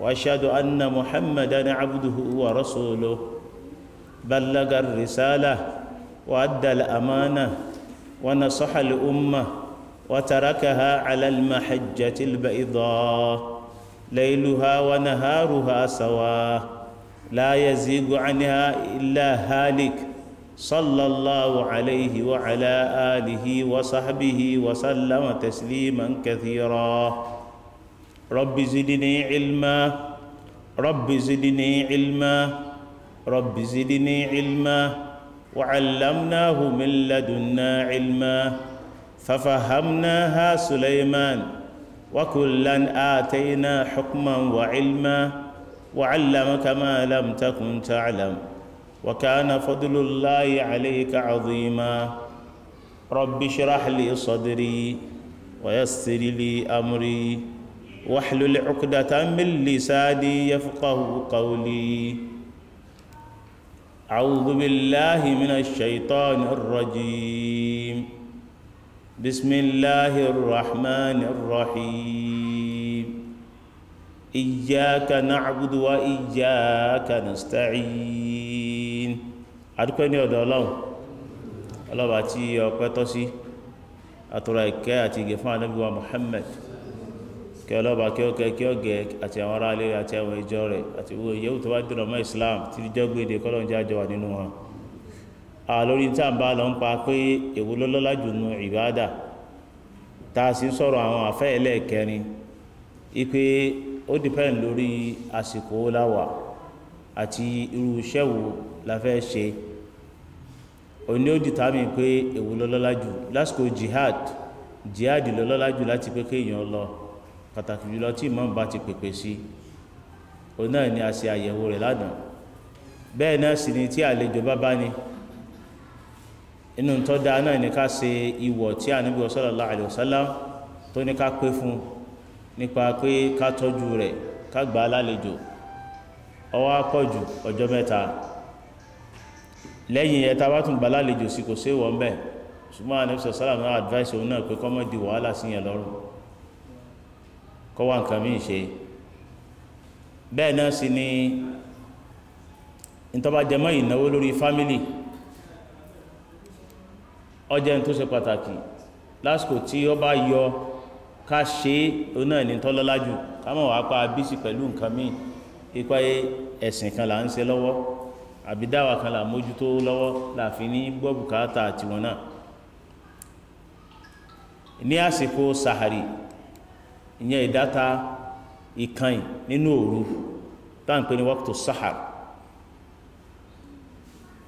واشهد ان محمدا عبده ورسوله بلغ الرساله وادى الامانه ونصح الامه وتركها على المحجه البيضاء ليلها ونهارها سواه لا يزيغ عنها الا هالك صلى الله عليه وعلى اله وصحبه وسلم تسليما كثيرا رب زدني علما رب زدني علما رب زدني علما وعلمناه من لدنا علما ففهمناها سليمان وكلا آتينا حكما وعلما وعلمك ما لم تكن تعلم وكان فضل الله عليك عظيما رب اشرح لي صدري ويسر لي أمري واحلل عقدة من لساني يفقه قولي أعوذ بالله من الشيطان الرجيم بسم الله الرحمن الرحيم إياك نعبد وإياك نستعين أدوكو يا أدو الله الله باتي يا توسي أترى إكاتي محمد kí ọlọ́ba kí ó kẹ kí ó gẹ àti àwọn ará ilé àti àwọn ìjọ rẹ̀ àti gbogbo ìyẹ́wò tó bá dìrọ̀ mọ́ Islam tí ìjọ gbèdè kọ́lọ́n jẹ́ àjọ wà nínú wọn. àlórí tí à ń bá lọ ń pa pé èwo ló lọ́lá jù nù ìbáàdà tá a sì ń sọ̀rọ̀ àwọn àfẹ́ ẹlẹ́ẹ̀kẹrin ipe ó dìpẹ́ǹ lórí àsìkò láwà àti irú iṣẹ́ wo la fẹ́ ṣe òní ó dìtà mí pé èwo ló lọ́lá jù lásìkò jihad jihad ló lọ́lá jù láti pé kéèyàn lọ́ọ́ pàtàkì jùlọ tí ìmọ̀n bá ti pèpè sí òun náà ni a ṣe àyẹ̀wò rẹ̀ lánàá bẹ́ẹ̀ náà sì ni tí àlejò bá bá ní inú tó dáa náà ni ká ṣe ìwọ̀ tí ànábì sallallahu alaihi wasallam tó ní ká pé fún nípa pé ká tọ́jú rẹ̀ ká gbà á lálejò ọwọ́ àpọ̀jù ọjọ́ mẹ́ta lẹ́yìn ẹ̀ta bá tún gbà lálejò sí kò sí ìwọ̀n bẹ́ẹ̀ ṣùgbọ́n ànábì sallallahu náà advice òun náà pé kọ́mọ́ di wàhálà síyẹn lọ́rùn kó wá nǹkan míì ṣe bẹ́ẹ̀ náà sì ni ìtọ́ba ìnáwó lórí fámílì ọjẹ́ tó ṣe pàtàkì lásìkò tí ó bá yọ ká ṣe ó náà ní tọ́lọ́lájú ká mọ̀ pa bísí pẹ̀lú nǹkan míì ipa ẹ̀sìn kan là ń ṣe lọ́wọ́ àbí dáwà kan là mójútó lọ́wọ́ là láàfin ní gbọ́ bùkátà tiwọn náà ní àsìkò sàhárì ìyẹn ìdáta ìkànnì nínú òru táǹpé ní wákàtí sahar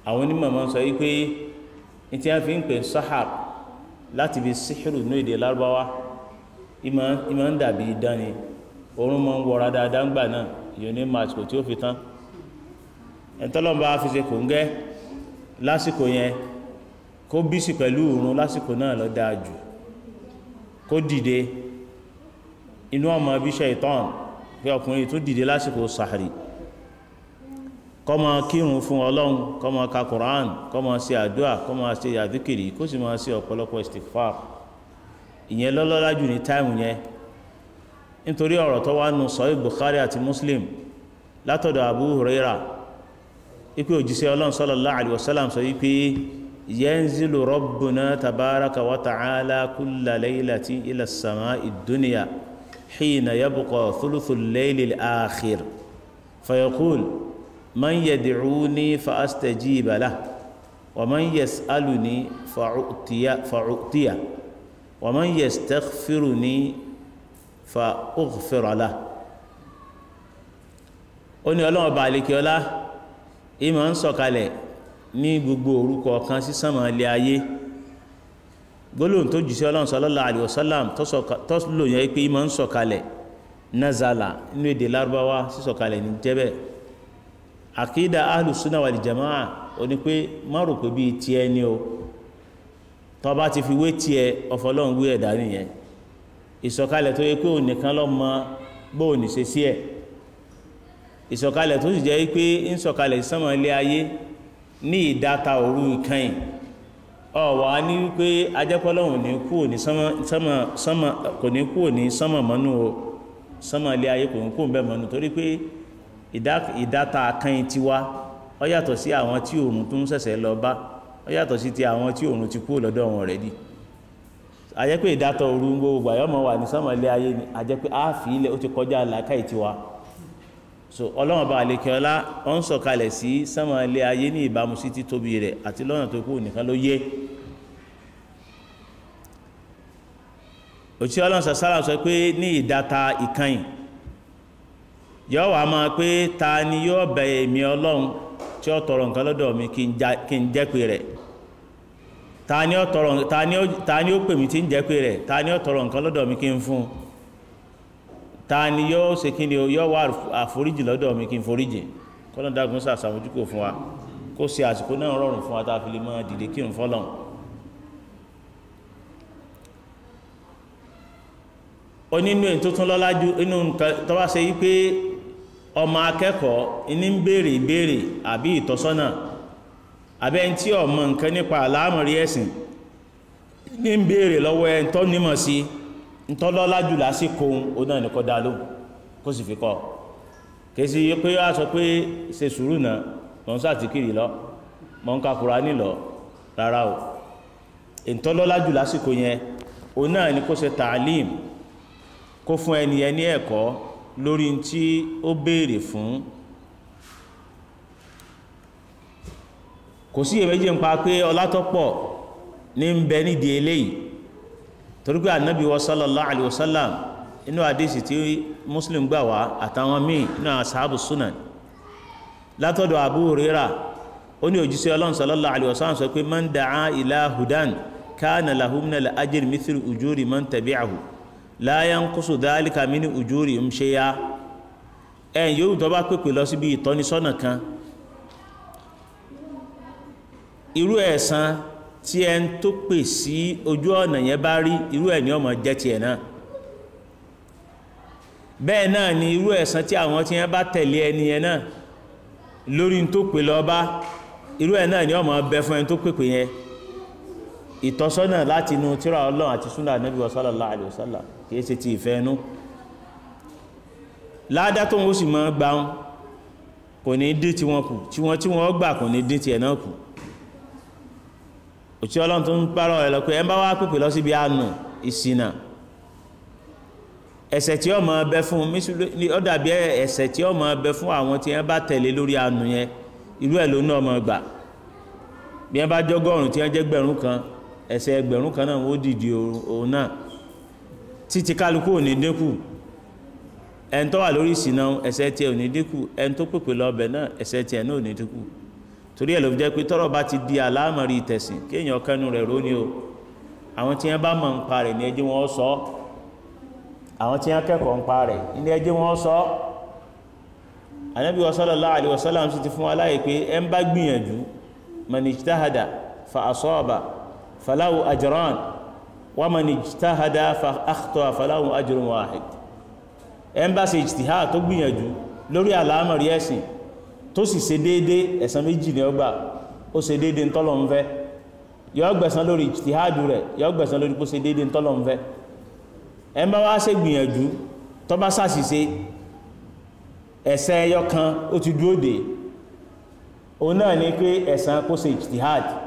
àwọn onímọ̀ máa ń sọ wípé ní tí wọ́n fi ń pè sahar láti fi síhìrù ní èdè lárúbáwá ìmọ̀ ń dàbí ìdánì oorun máa ń wọra dáadáa ńgbà náà ìyọ̀ní màsìkò tí ó fi tán ẹ̀ńtọ́lọ́mọba fi ṣe kò ń gẹ́ lásìkò yẹn kó bísí pẹ̀lú òórùn lásìkò náà lọ dáa jù kó dìde inú ọmọ bí ṣaitan pé ọkùnrin tó dìde lásìkò sàárì kọmọ kírun fún ọlọ́run kọmọ ka Qur'an kọmọ ṣe àdúà kọmọ ṣe àdíkìrì kó sì máa ṣe ọ̀pọ̀lọpọ̀ istighfar ìyẹn lọ́lọ́lá jù ní táìmù yẹn nítorí ọ̀rọ̀ tó wá nù sọ́yìn Bukhari àti Muslim látọ̀dọ̀ Abu Huraira ipe òjíṣẹ́ ọlọ́run sallallahu alaihi wasallam sọ wípé yanzilu rabbuna tabaraka wa ta'ala kulla laylati ila as-sama'i ad حين يبقى ثلث الليل الآخر فيقول من يدعوني فأستجيب له ومن يسألني فأعطي فأعطيه ومن يستغفرني فأغفر له أني الله بالك bàálíkì ọlá سكالي، ń sọ̀kalẹ̀ ní gbogbo òru kọ̀ọ̀kan sí sánmà ilé gbólóhùn tó jù sí ọlọ́run sallallahu alaihi wasallam tó lò yẹn pé ìmọ̀ ń sọ̀kalẹ̀ nazala nínú èdè lárúbáwá sísọ̀kalẹ̀ ní jẹ́bẹ̀ àkídà ahlus sunna wal jamaa ó ní pé má rò pé bíi tiẹ̀ ni o tó bá ti fi wé tiẹ̀ ọ̀fọlọ́run wí ẹ̀dá nìyẹn ìsọ̀kalẹ̀ tó yẹ pé òun nìkan ló mọ bóun ní ṣe sí ẹ̀ ìsọ̀kalẹ̀ tó sì jẹ́ pé ń sọ̀kalẹ̀ sánmọ̀ ilé ayé ní ìdáta òru ìkànnì ọ̀wà ní wípé ajẹ́pọ́lọ́hùn ní kúrò ní sánmà kò ní kúrò ní sánmà mọ́nú o sánmà ilé ayé kò ní kúrò bẹ́ẹ̀ mọ́nú torí pé ìdáta akányìn tiwa ó yàtọ̀ sí àwọn tí òòrùn tó ń ṣẹ̀ṣẹ̀ lọ bá ó yàtọ̀ sí ti àwọn tí òòrùn ti kúrò lọ́dọ̀ wọn rẹ̀ dì ajẹ́ pé ìdátọ̀ òru ń gbogbo àyọ́mọ̀ wà ní sánmà ilé ayé ni ajẹ́ pé áàfì ilẹ̀ ó ti kọjá làákàyè tiwa so ọlọ́run ọba àlekẹ́ ọlá ó sọ̀kalẹ̀ sí sánmà ilé ayé ní ìbámu sí títóbi rẹ̀ àti lọ́nà tó kù nìkan ló yẹ òtí ọlọ́run sàṣàlà sọ pé ní ìdáta ìkànnì yọ wàá máa pé ta ni yóò bẹ èmi ọlọ́run tí ó tọrọ nǹkan lọ́dọ̀ mi kí n jẹ́ pé rẹ̀ ta ni ó tọrọ ta ni ó pè mí tí ń jẹ́ rẹ̀ ta ni ó tọrọ nǹkan lọ́dọ̀ mi kí n fún un ta ni yóò ṣe kí ni yóò wá àforíjì lọ́dọ̀ mi kí n foríjì kọ́lọ́dàgún sàṣàmójúkò fún wa kó ṣe àsìkò náà rọrùn fún wa tá a fi lè máa dìde kírun fọ́lọ́run onínú èyí tó tún lọ́lá ju inú nǹkan tó bá ṣe yí pé ọmọ akẹ́kọ̀ọ́ ní ń béèrè ìbéèrè àbí ìtọ́sọ́nà àbẹ́ ẹni tí ọmọ nǹkan nípa àlámọ̀rí ẹ̀sìn ní ń béèrè lọ́wọ́ ẹni tó nímọ̀ sí ń tọ́ lọ́lá jù lásìkò òun náà ní kọ́ dá lóhùn kó sì fi kọ́ ọ kèsì pé a sọ pé ṣe sùúrù náà mọ̀ ń sàtìkiri lọ mọ̀ ń ka Kùránì rárá o ìtọ́lọ́lá jù lásìkò yẹn òun ní kó ṣe tààlíìmù kó fún ẹni ẹ ní ẹ̀kọ́ lórí tí ó béèrè fún kò sí èméjì ń pa pé ọlátọ́pọ̀ ní ń bẹ nídìí eléyìí torí pé ànábì wa sallallahu alayhi wa sallam inú àdéhìsì tí muslim gbà wá àtàwọn míì inú àṣàbù sunan látọ̀dọ̀ Abu Hurairah ó ní òjíṣẹ́ ọlọ́run sallallahu alayhi sọ pé man da'a ila hudan kana lahu minal ajri mithlu ujuri man tabi'ahu láyán kóso dáálíkà mi ní ujúrì ń ṣe ya ẹ̀yìn yóò tó bá pèpè lọ síbi ìtọ́nisọ́nà kan irú ẹ̀san tí ẹ ń tó pè sí ojú ọ̀nà yẹn bá rí irú ẹ̀ ní ọmọ jẹ́ tiẹ̀ náà bẹ́ẹ̀ náà ni irú ẹ̀san tí àwọn tí yẹn bá tẹ̀lé ẹni yẹn náà lórí ń tó pè lọ bá irú ẹ̀ náà ní ọmọ bẹ fún ẹni tó pèpè yẹn ìtọ́sọ́nà láti inú tíra ọlọ́run àti súnà ànábì sallallahu alaihi wasallam kìí ṣe ti ìfẹ́ inú ládá tó ń sì máa gba wọn kò ní dín tiwọn kù tiwọn tí wọn gbà kò ní dín tiẹ̀ náà kù òtí ọlọ́run tó ń parọ́ ẹ̀ lọ pé ẹ bá wá pèpè lọ síbi àánú ìṣìnà ẹ̀ṣẹ̀ tí ó máa bẹ fún ó dàbí ẹ̀ṣẹ̀ tí ó máa fún àwọn tí wọ́n bá tẹ̀lé lórí àánú yẹn irú ẹ̀ ló náà máa gbà bí wọ́n bá jọ́gọ́rùn-ún tí wọ́n jẹ́ gbẹ̀rún kan ẹ̀ṣẹ̀ ẹgbẹ̀rún kan náà ó dìdì òun náà títí kálukú ò ní dínkù ẹni tó wà lórí ìṣìnà ẹ̀ṣẹ̀ tiẹ̀ ò ní dínkù ẹni tó pèpè lọ ọbẹ̀ náà ẹ̀ṣẹ̀ tiẹ̀ náà ò ní dínkù torí ẹ̀ ló jẹ́ pé tọ́rọ̀ bá ti di àlámọ̀rí ìtẹ̀sìn kéèyàn kẹ́nu rẹ̀ ró ni o àwọn tí wọ́n bá mọ̀ ń pa rẹ̀ ní ẹjẹ́ wọn sọ àwọn tí wọ́n kẹ́kọ̀ọ́ ń pa rẹ̀ ní ẹjẹ́ wọn sọ Ànábì sallallahu alaihi wasallam ti fún wa láàyè pé ẹ ń bá gbìyànjú man ijtahada fa asaba faláwù àjọrán wọ́n mọ̀ ní jìtáhàdá àkùtọ̀ faláwù àjọrán wahid ẹ̀ńbàṣe ìjìtìhá tó gbìyànjú lórí àlámọ̀rí ẹ̀sìn tó sì ṣe déédé ẹ̀san méjì ní ọgbà ó ṣe déédé ntọ́lọ̀ ń fẹ́ yọ gbẹ̀san lórí ìjìtìhádù rẹ̀ yọ gbẹ̀san lórí kó ṣe déédé ntọ́lọ̀ ń fẹ́ ẹ̀ńbà wá ṣe gbìyànjú tó bá ṣàṣìṣe ẹ̀ṣẹ̀ ẹyọ kan ó ti dúró dé òun náà ni pé ẹ̀san kó ṣe ìjìtìhádù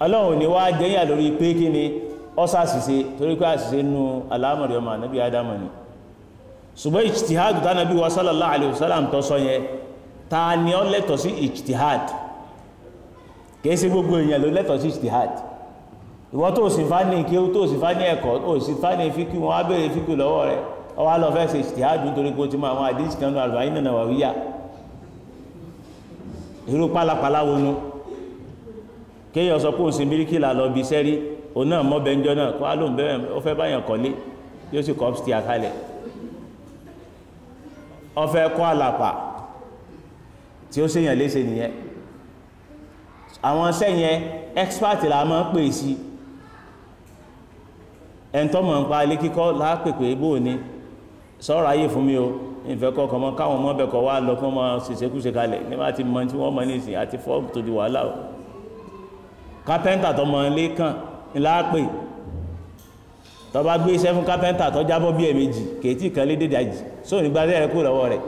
ọlọ́run ni wá jẹ́yà lórí pé kí ni ọ́sà àṣìṣe torí pé àṣìṣe nú aláàmọ̀rẹ́ ọmọ ànábì ádámù ni ṣùgbọ́n ìjtihad tánàbí wa sallallahu alaihi wasallam tó sọ yẹn ta ni ó lẹ́tọ̀ sí ìjtihad kìí ṣe gbogbo èèyàn ló lẹ́tọ̀ sí ìjtihad ìwọ́n tó sì fá ní kí tó sì fá ní ẹ̀kọ́ tó sì fá ní fíkì wọn á béèrè fíkì lọ́wọ́ rẹ̀ ọwọ́ á lọ fẹ́ ṣe ìjtihad nítorí pé ó ti mọ àwọn àdéhìsì àlùbáyé náà wà irú pálapàla wọnú kéèyàn sọ pé òun sin bíríkìlà lọ bí sẹ́rí òun náà mọ́ bẹ́ńjọ́ náà kó á lóun bẹ́ẹ̀ ó fẹ́ báyàn kọ́lé yóò sì kọ́ ọ́pùsìtì àkálẹ̀ ọfẹ́ kọ́ àlàpà tí ó ṣèyàn léṣe nìyẹn àwọn sẹ́yìn expert là máa ń pè sí ẹ̀ńtọ́mọ̀ ń pa ilé kíkọ́ lápèpè bó o ní sọ̀rọ̀ ayé fún mi o ìfẹ́ kọ̀ọ̀kan mọ́ káwọn ọmọ bẹ̀kọ̀ wá lọ fún ọmọ ṣèṣekúṣe kalẹ̀ nígbà tí mọ tí wọ́n mọ ní ìsìn àti fọ́ọ̀mù tó di wàhálà o kápẹ́ńtà tó mọ̀ ilé kàn láàpè tó bá gbé iṣẹ́ fún kápẹ́ńtà tó jábọ́ bí ẹ̀mejì kèétí kan lé dédé àjì sóò nígbà tí ẹ̀rẹ́ kú lọ́wọ́ rẹ̀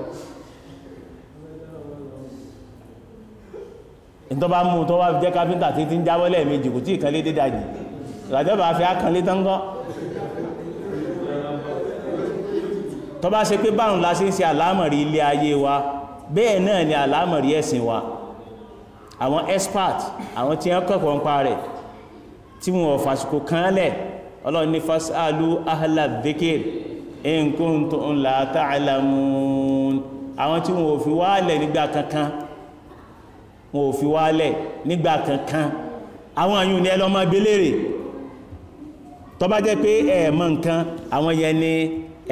nítorí bá mú tó wá jẹ́ kápẹ́ńtà títí ń jábọ́ lẹ́ẹ̀mejì kò tí ì kan lé dédé àjì làjọba àfi àkànlé tán gán tó bá ṣe pé báwọn la ṣe ilé ayé wa bẹ́ẹ̀ náà ni àlámọ̀rí ẹ̀sìn wa àwọn expert àwọn tí wọ́n kẹ́kọ̀ọ́ ń pa rẹ̀ tí wọ́n fàṣìkò kan lẹ̀ ọlọ́run ní fasalu ahla dhikr in kuntum la ta'lamun àwọn tí wọ́n ò fi wálẹ̀ nígbà kankan wọ́n ò fi wálẹ̀ nígbà kankan àwọn àyùn ni ẹlọ́mọ abélèrè tó bá jẹ́ pé ẹ̀ẹ̀mọ̀ nǹkan àwọn yẹn ni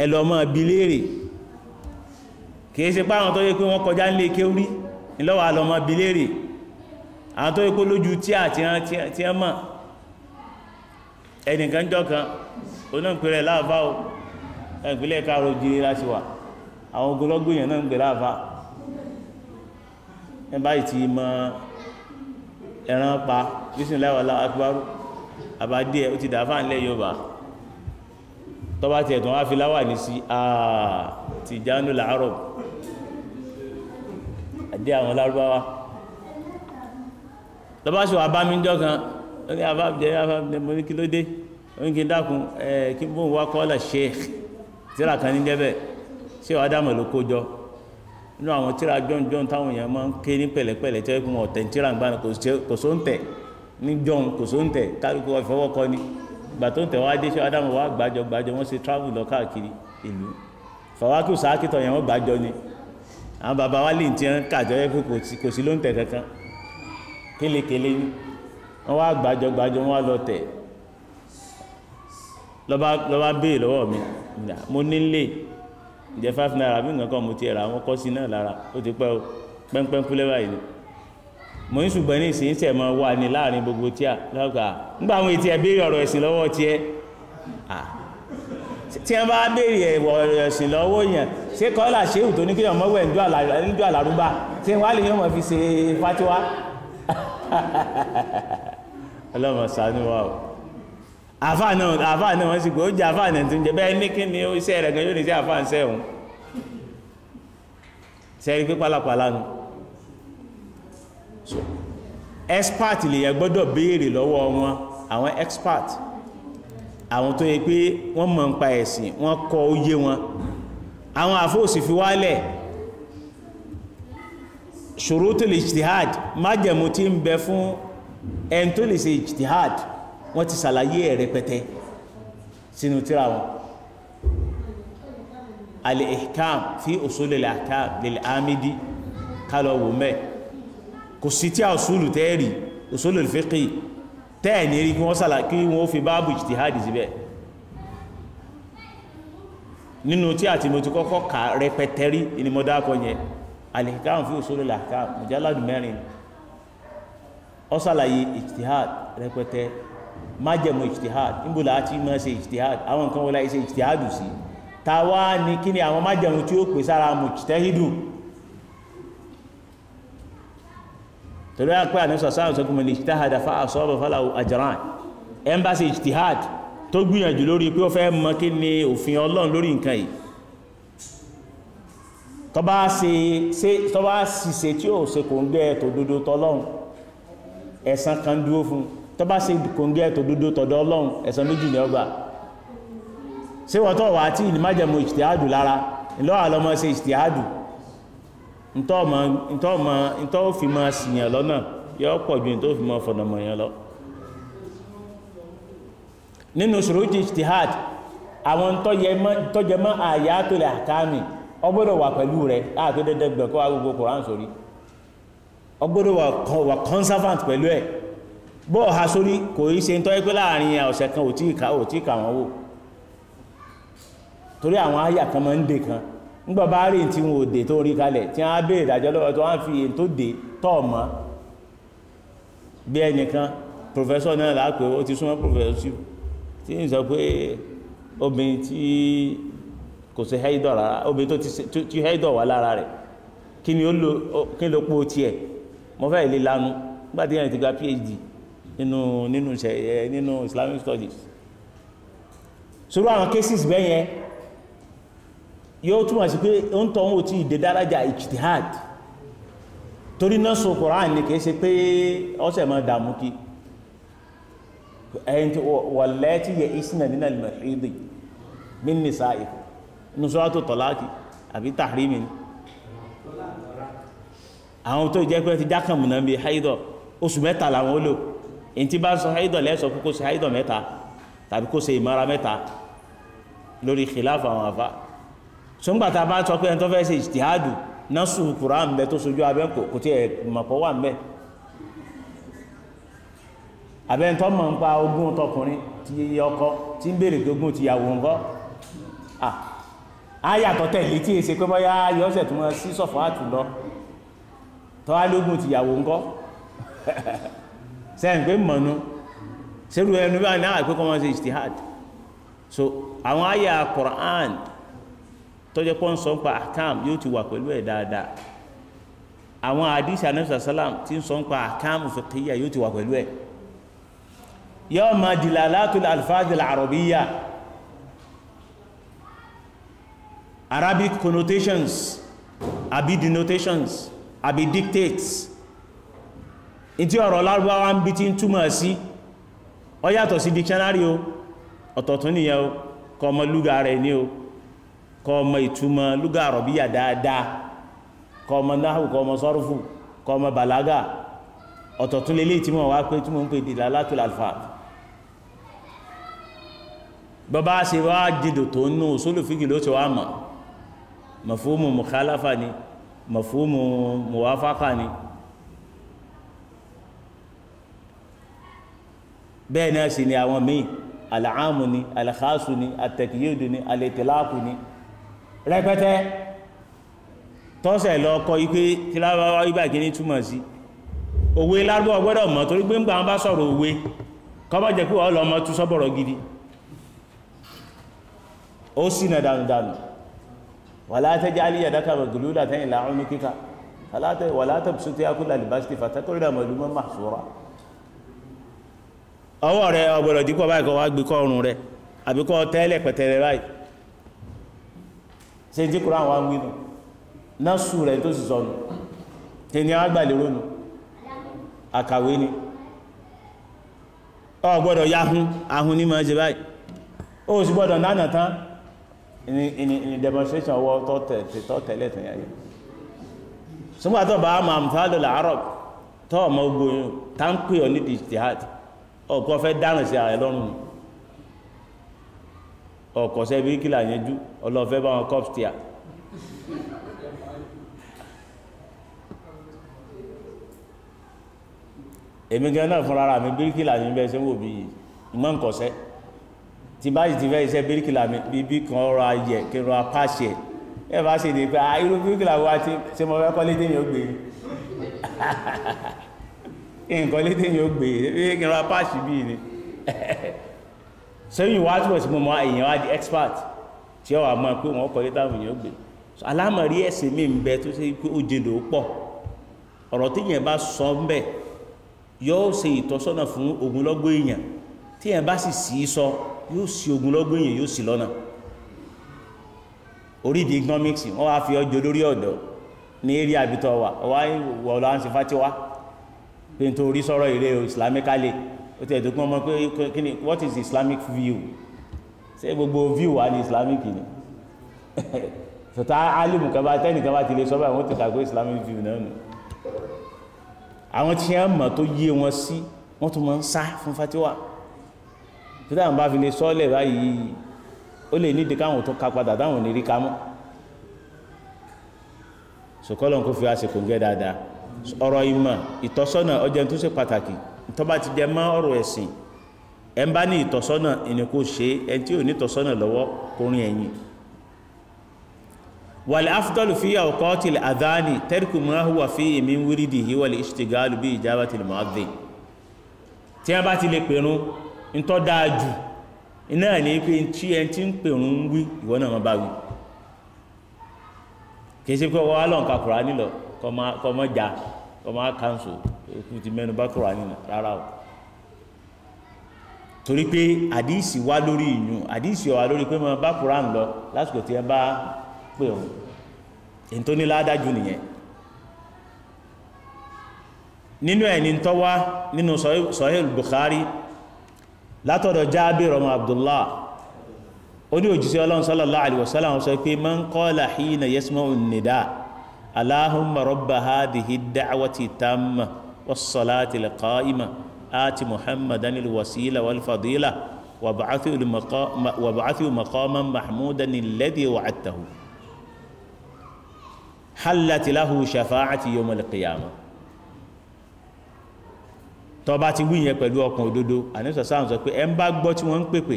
ẹlọ́mọ abélèrè kì í ṣe pé àwọn tó yẹ pé wọ́n kọjá nílé kéwúrí ńlọ́wọ́ àlọ́mọ abélèrè àwọn tó ikú lójú tí àti tí ẹ mọ̀ ẹnìkan jọ kan onáǹpẹ̀rẹ̀ láàfá o ẹnìpínlẹ̀ káàrọ̀ jírí láti wà àwọn ogunlọ́gbọ̀n èèyàn náà ń gbẹ̀ láàfá ẹ báyìí ti mọ ẹran pa bísí láwà akíbárú àbádé ẹ ó ti dàáfà àwọn lárúbáwá lọ́ba sọ abámijọ́ kan ó ní abájẹ́ abájẹ́ mo ní kí ló dé ó ní ẹ̀ kí bóun wá kọ́lá sheikh tíra kan ní jẹ́bẹ̀ ṣé wàá dámọ̀ ló kó jọ nínú àwọn tíra jọ́njọ́n táwọn èèyàn máa ń ké ní pẹ̀lẹ́pẹ̀lẹ́ tí wọ́n ọ̀tẹ̀ tíra ń gbani kò só ń tẹ̀ ní jọ́n kò só ń tẹ̀ kálukú ọ̀fọwọ́kọ ni ìgbà tó ń tẹ̀ wáá dé ṣé wàá dámọ̀ wàá gbàjọ gbàjọ wọ́n ṣe travel lọ káàkiri ìlú fàwákì sáàkìtọ̀ yẹn wọ́n gbàjọ ni àwọn bàbá wa lè ti ń kàjọ yẹ kò sí ló ń tẹ̀ kankan kélekèlé ní wọ́n wá gbàjọ gbàjọ wọ́n wá lọ tẹ̀ lọ́ba béè lọ́wọ́ mi mo nílé ìjẹ́ five naira bí nǹkan kan mo ti rà wọ́n kọ́ sí náà lára ó ti pẹ́ o ni mo ń ṣùgbọ́n ní ìsìn ìṣẹ̀ mọ́ wà ní láàrin gbogbo tíà lọ́gbà nígbà àwọn ètí ẹ béèrè ọ̀rọ̀ ẹ̀sìn lọ́wọ́ tiẹ̀ tí wọ́n bá béèrè ọ̀rọ̀ ẹ̀sìn lọ́wọ́ yẹn ṣé kọ́lá ṣéwù tó ní kí ọmọ wẹ̀ ń dún àlárúbá tí wọ́n lè yàn mọ́ fi ṣe fatiwa ọlọ́mọ sànú wa o àfà náà àfà sì gbé ó jẹ́ àfà tó ń jẹ bẹ́ẹ̀ ní iṣẹ́ rẹ̀ gan yóò ní sí àfà sẹ́wọ̀n sẹ́rí pé pálapàla nu so expert lèyàn gbọ́dọ̀ béèrè lọ́wọ́ wọn àwọn expert àwọn tó yẹ pé wọ́n mọ̀ ẹ̀sìn wọ́n kọ́ wọn àwọn fi wálẹ̀ ṣòrótò lè ijtihad májẹ̀mú tí ń bẹ fún ẹni tó lè ṣe ijtihad wọ́n ti ṣàlàyé ẹ̀ rẹpẹtẹ sínú tíra wọn al-ihkam fi usul al-ahkam lil-amidi kálọ̀ wò mẹ́ kò sí tí a usulu tẹ́ẹ̀rì usul al-fiqi tẹ́ẹ̀ni rí kí wọ́n sàlà wọ́n fi báàbù ijtihad síbẹ̀ nínú tí àti kọ́kọ́ kà rẹpẹtẹ rí ni yẹn alihikam fi usulul ahkam mujalladu mẹ́rin ó ṣàlàyé ijtihad rẹpẹtẹ májẹ̀mú ijtihad níbùlá àti máa ṣe ijtihad àwọn nǹkan wọlé ṣe ijtihad sí ta wá ní kí ni àwọn májẹ̀mú tí ó pè sára mujtahidu torí wá pé àníṣà sáà sọ fún mi ijtihada fa asaba falahu ajran ẹ̀ ń bá tó gbìyànjú lórí pé ó fẹ́ mọ kí ni òfin tọ́ba ṣe ṣe tọ́ba ṣiṣẹ́ tí ò ṣe kò ń gẹ́ tó dodo tọ́lọ́run ẹ̀san kan dúró fún tọ́ba ṣe kò ń gẹ́ tó dodo tọ́dọ̀ ọlọ́run ẹ̀san méjì ní ọgbà ṣé wọ́n tọ́ wà á tí ìmájẹ̀mú ìṣtìhádù lára ńlọ́wà lọ́mọ ṣe ìṣtìhádù ntọ́ ọmọ ntọ́ ọmọ ntọ́ fi máa sìyàn lọ́nà yọ pọ̀ ju ntọ́ fi máa fọ̀nàmọ̀ yẹn lọ nínú ṣòro ti ìṣtìhádù àwọn ntọ́jẹmọ́ àyàtò lè àkámi Ọgbọdọ wà pẹ̀lú rẹ̀ láàpẹ́ dẹ́dẹ́ gbẹ̀ agogo koran sórí Ọgbọdọ wà conservant pẹ̀lú ẹ̀ bọ́ ọ̀há sórí kò í se ń tọ́ láàrin ọ̀sẹ̀ kan ò tí kà wò torí àwọn àyà kan máa ń dè kan ńgbà bá rìn tí wọn ò dè tó rí kalẹ̀ tí wọn á ìdájọ́ lọ́wọ́ kò sí haidọ̀ rárá obìnrin tó ti haidọ̀ wà lára rẹ̀ kí ni ó lo kí ló po tiẹ̀ mo fẹ́ lè lanu nígbà tí yẹn ti gba phd nínú nínú nínú islamic studies sórí àwọn cases bẹ́ẹ̀ yẹn yóò túmọ̀ sí pé ó ń tọ́wọ́n ti dé dáraja ijtihad torí náà so Quran ni kìí ṣe pé ọ̀sẹ̀ máa dààmú kí ẹ̀yìn wọ̀lẹ́tì yẹ ìsìnà nínú al-mahidi min nisa'ikum inú sọ́wọ́tò tọ̀láàkì àbí tàhrímì ni àwọn tó jẹ́ pé ti jákàmù náà bíi haidọ̀ oṣù mẹ́ta làwọn ó lò èyí tí bá ń sọ haidọ̀ lẹ́sọ̀ kó kó ṣe haidọ̀ mẹ́ta tàbí kó ṣe ìmọ̀ra mẹ́ta lórí khilafa àwọn àfa sọ́ngbà tá a bá sọ pé ẹni tó fẹ́ ṣe ìjtihádù násù kùrán bẹ tó sojú abẹ́ kò tí ẹ̀ mọ̀pọ̀ wà ń bẹ́ẹ̀ àbẹ́ntọ́ mọ̀ ń pa ogún tọkùnrin ti ọkọ tí ń béèrè ogún ti yàwó ńkọ́ ayàtọ̀ tẹ̀lé tí èsè pé bọ́yá yọ́sẹ̀ tó mọ́ sí sọ̀fọ́ àtúlọ tọ́wálógún tìyàwó ńkọ́ sẹ́yìn pé mọ̀nú sẹ́rù ẹnu bí wọn náà pé kọ́ wọn so àwọn àyà Qur'an tọ́jọ́ pọ́ ń sọ nípa akam yóò ti wà pẹ̀lú ẹ̀ dáadáa àwọn àdìsí anabisa salam ti ń sọ nípa akam fiqhiyya yóò ti wà pẹ̀lú ẹ̀ yóò máa dìlà látòlá alfáàdìlà àrọ̀bíyà arabic connotations àbí denotations àbí dictates ìtí ọ̀rọ̀ lárúbáwá ń bí tí ń túmọ̀ sí ọ yàtọ̀ sí dictionary o ọ̀tọ̀tún nìyẹn o kọ ọmọ lúgà rẹ̀ ní o kọ ọmọ ìtumọ̀ lúgà àrọ̀bíyà dáadáa kọ ọmọ náhù kọ ọmọ sọ́rùfù kọ ọmọ bàlágà ọ̀tọ̀tún lélẹ́ tí wá pé tí ń pè dìlà látò àlfà bàbá ṣe wá dìdò tó ń nù sólùfíkì ló ti wá mọ̀ mafhumu mukhalafa ni mafhumu muwafaqa ni. bẹ́ẹ̀ náà sì ni àwọn míì alaamu ni alikhasu ni atakiyidu ni aletilaku ni rẹpẹtẹ tọ́sẹ̀ lọ kọ́ yí pé tilabawa yí bá kíní túmọ̀ sí òwe lárúbọ̀ gbọ́dọ̀ mọ̀ torí pé ń gbà wọn bá sọ̀rọ̀ òwe kọ́bọ̀ jẹ́ pé wọ́n sọ́bọ̀rọ̀ gidi ó sì nà dànù dànù. ولا تجعل يدك مغلولة إلى عنقك فلا ت... ولا تبسطها كل البسط فتقعد ملوما محصورا ọwọ́ rẹ ọgbọ̀rọ̀ dípọ̀ báyìí kọ́ wá gbé kọ́ ọrùn rẹ àbí kọ́ tẹ́lẹ̀ pẹ̀tẹ̀rẹ̀ báyìí ṣe tí kúrò àwọn àwọn ìnù náà sù rẹ̀ tó sì sọnù tí ni a gbàlérò nù àkàwé ni in in demonstration ọwọ́ tọ́ tẹ̀lé tó yẹn súnmọ́ àtọ́ bá máa ń fàálù làárọ̀ tọ́ ọmọ ogun yìí táǹpì ọ̀ nídìí jihad ọ̀kọ́ fẹ́ dárùn sí ààrẹ lọ́rùn ọ̀kọ́ sẹ́ bí kílà yẹn jú ọlọ́fẹ́ bá wọn cup steer èmi gan náà fúnra mi bíríkìlà yìí bẹ́ẹ̀ sẹ́wọ́ bí yìí ìmọ̀ nǹkan sẹ́ẹ́ tí bá sì ti fẹ́ iṣẹ́ bíríkìlà mi bíbí kan ọ̀rọ̀ ayẹ kí n rọ apáṣẹ ẹ bá ṣe ní pé ah irú bíríkìlà wa ti ṣe mo fẹ́ kọ́lé téèyàn ó gbé nǹkan lé téèyàn ó gbé kí n rọ apáṣẹ bíi ni sẹ́yìn wá túbọ̀ sí mo mọ èèyàn wá di expert tí ó wà mọ́ pé wọ́n kọ́lé táwọn èèyàn ó gbé alámọ̀rí ẹ̀sìn mi ń bẹ tó ṣe pé ó jẹ́ dòó pọ̀ ọ̀rọ̀ téèyàn bá sọ ń bẹ̀ yóò ṣe ìtọ́sọ́nà fún ogunlọ́gbọ̀ èèyàn téèyàn bá sì sí sọ yóò sí ogun lọ́gbọ́n èèyàn yóò sí lọ́nà orí ìdí economics wọ́n wá fi ọjọ́ lórí ọ̀dọ̀ ní eré àbítọ̀ wà wá wọ̀ lọ́wọ́ sí fatiwa pé n tó rí sọ̀rọ̀ ìrẹ́ islamically ó ti ẹ̀dùnkún ọmọ pé kí what is islamic view ṣé gbogbo view wà ní islamic ni sọ̀tà alimu kan bá tẹ́nìkan bá ti lè sọ báyìí wọ́n ti kàgbé islamic view náà nù àwọn tí wọ́n mọ̀ tó yé wọn sí wọ́n tún máa ń sá fún fatiwa tí táwọn bá fi lè sọ́ọ̀lẹ̀ báyìí ó lè nídìí káwọn tó ka padà táwọn ní rí ka mọ́ sòkòlò ń fi àsìkò gẹ́ dáadáa ọ̀rọ̀ ìmọ̀ ìtọ́sọ́nà ọjọ́ tó ṣe pàtàkì tó ti jẹ mọ́ ọ̀rọ̀ ẹ̀sìn ẹ̀ ń bá ní ìtọ́sọ́nà ẹni kò ṣe ẹ tí ò ní ìtọ́sọ́nà lọ́wọ́ kò rin ẹ̀yìn. wal afdalu fi awqatil adhani tarku ma huwa fi min wiridihi wal ishtigalu bi ijabatil mu'adhdhin tí a bá ti lè pẹ̀rún ntọ́ dáa jù iná ní pé tí ẹni tí ń pè ń wí ìwọ náà máa bá wí kì í ṣe pé wọ́n á lọ́n ka kùránì lọ kọ́ mọ́ jà kọ́ mọ́ kánṣu òkú ti mẹ́nu bá kùránì lọ rárá o torí pé àdìsí wá lórí ìyún àdìsí wá lórí pé máa bá kùránì lọ lásìkò tí ẹ bá pè ọ́ èyí tó ní ládájú nìyẹn nínú ẹ̀ ní tọ́wá nínú Sahih Bukhari. látọ̀dọ̀ Jábir ọmọ Abdullah ó ní òjíṣẹ́ ọlọ́run sallallahu alaihi wasallam sọ pé man qala hina yasma'u an-nida allahumma rabba hadhihi ad-da'wati tamma was-salati al-qa'ima آت محمدا الوسيلة والفضيلة وابعثه, المقام وابعثه مقاما محمودا الذي وعدته حلت له شفاعة يوم القيامة tó bá ti wí yẹn pẹ̀lú ọkàn òdodo àníṣọ sáà sọ pé ẹ ń bá gbọ́ tí wọ́n ń pèpè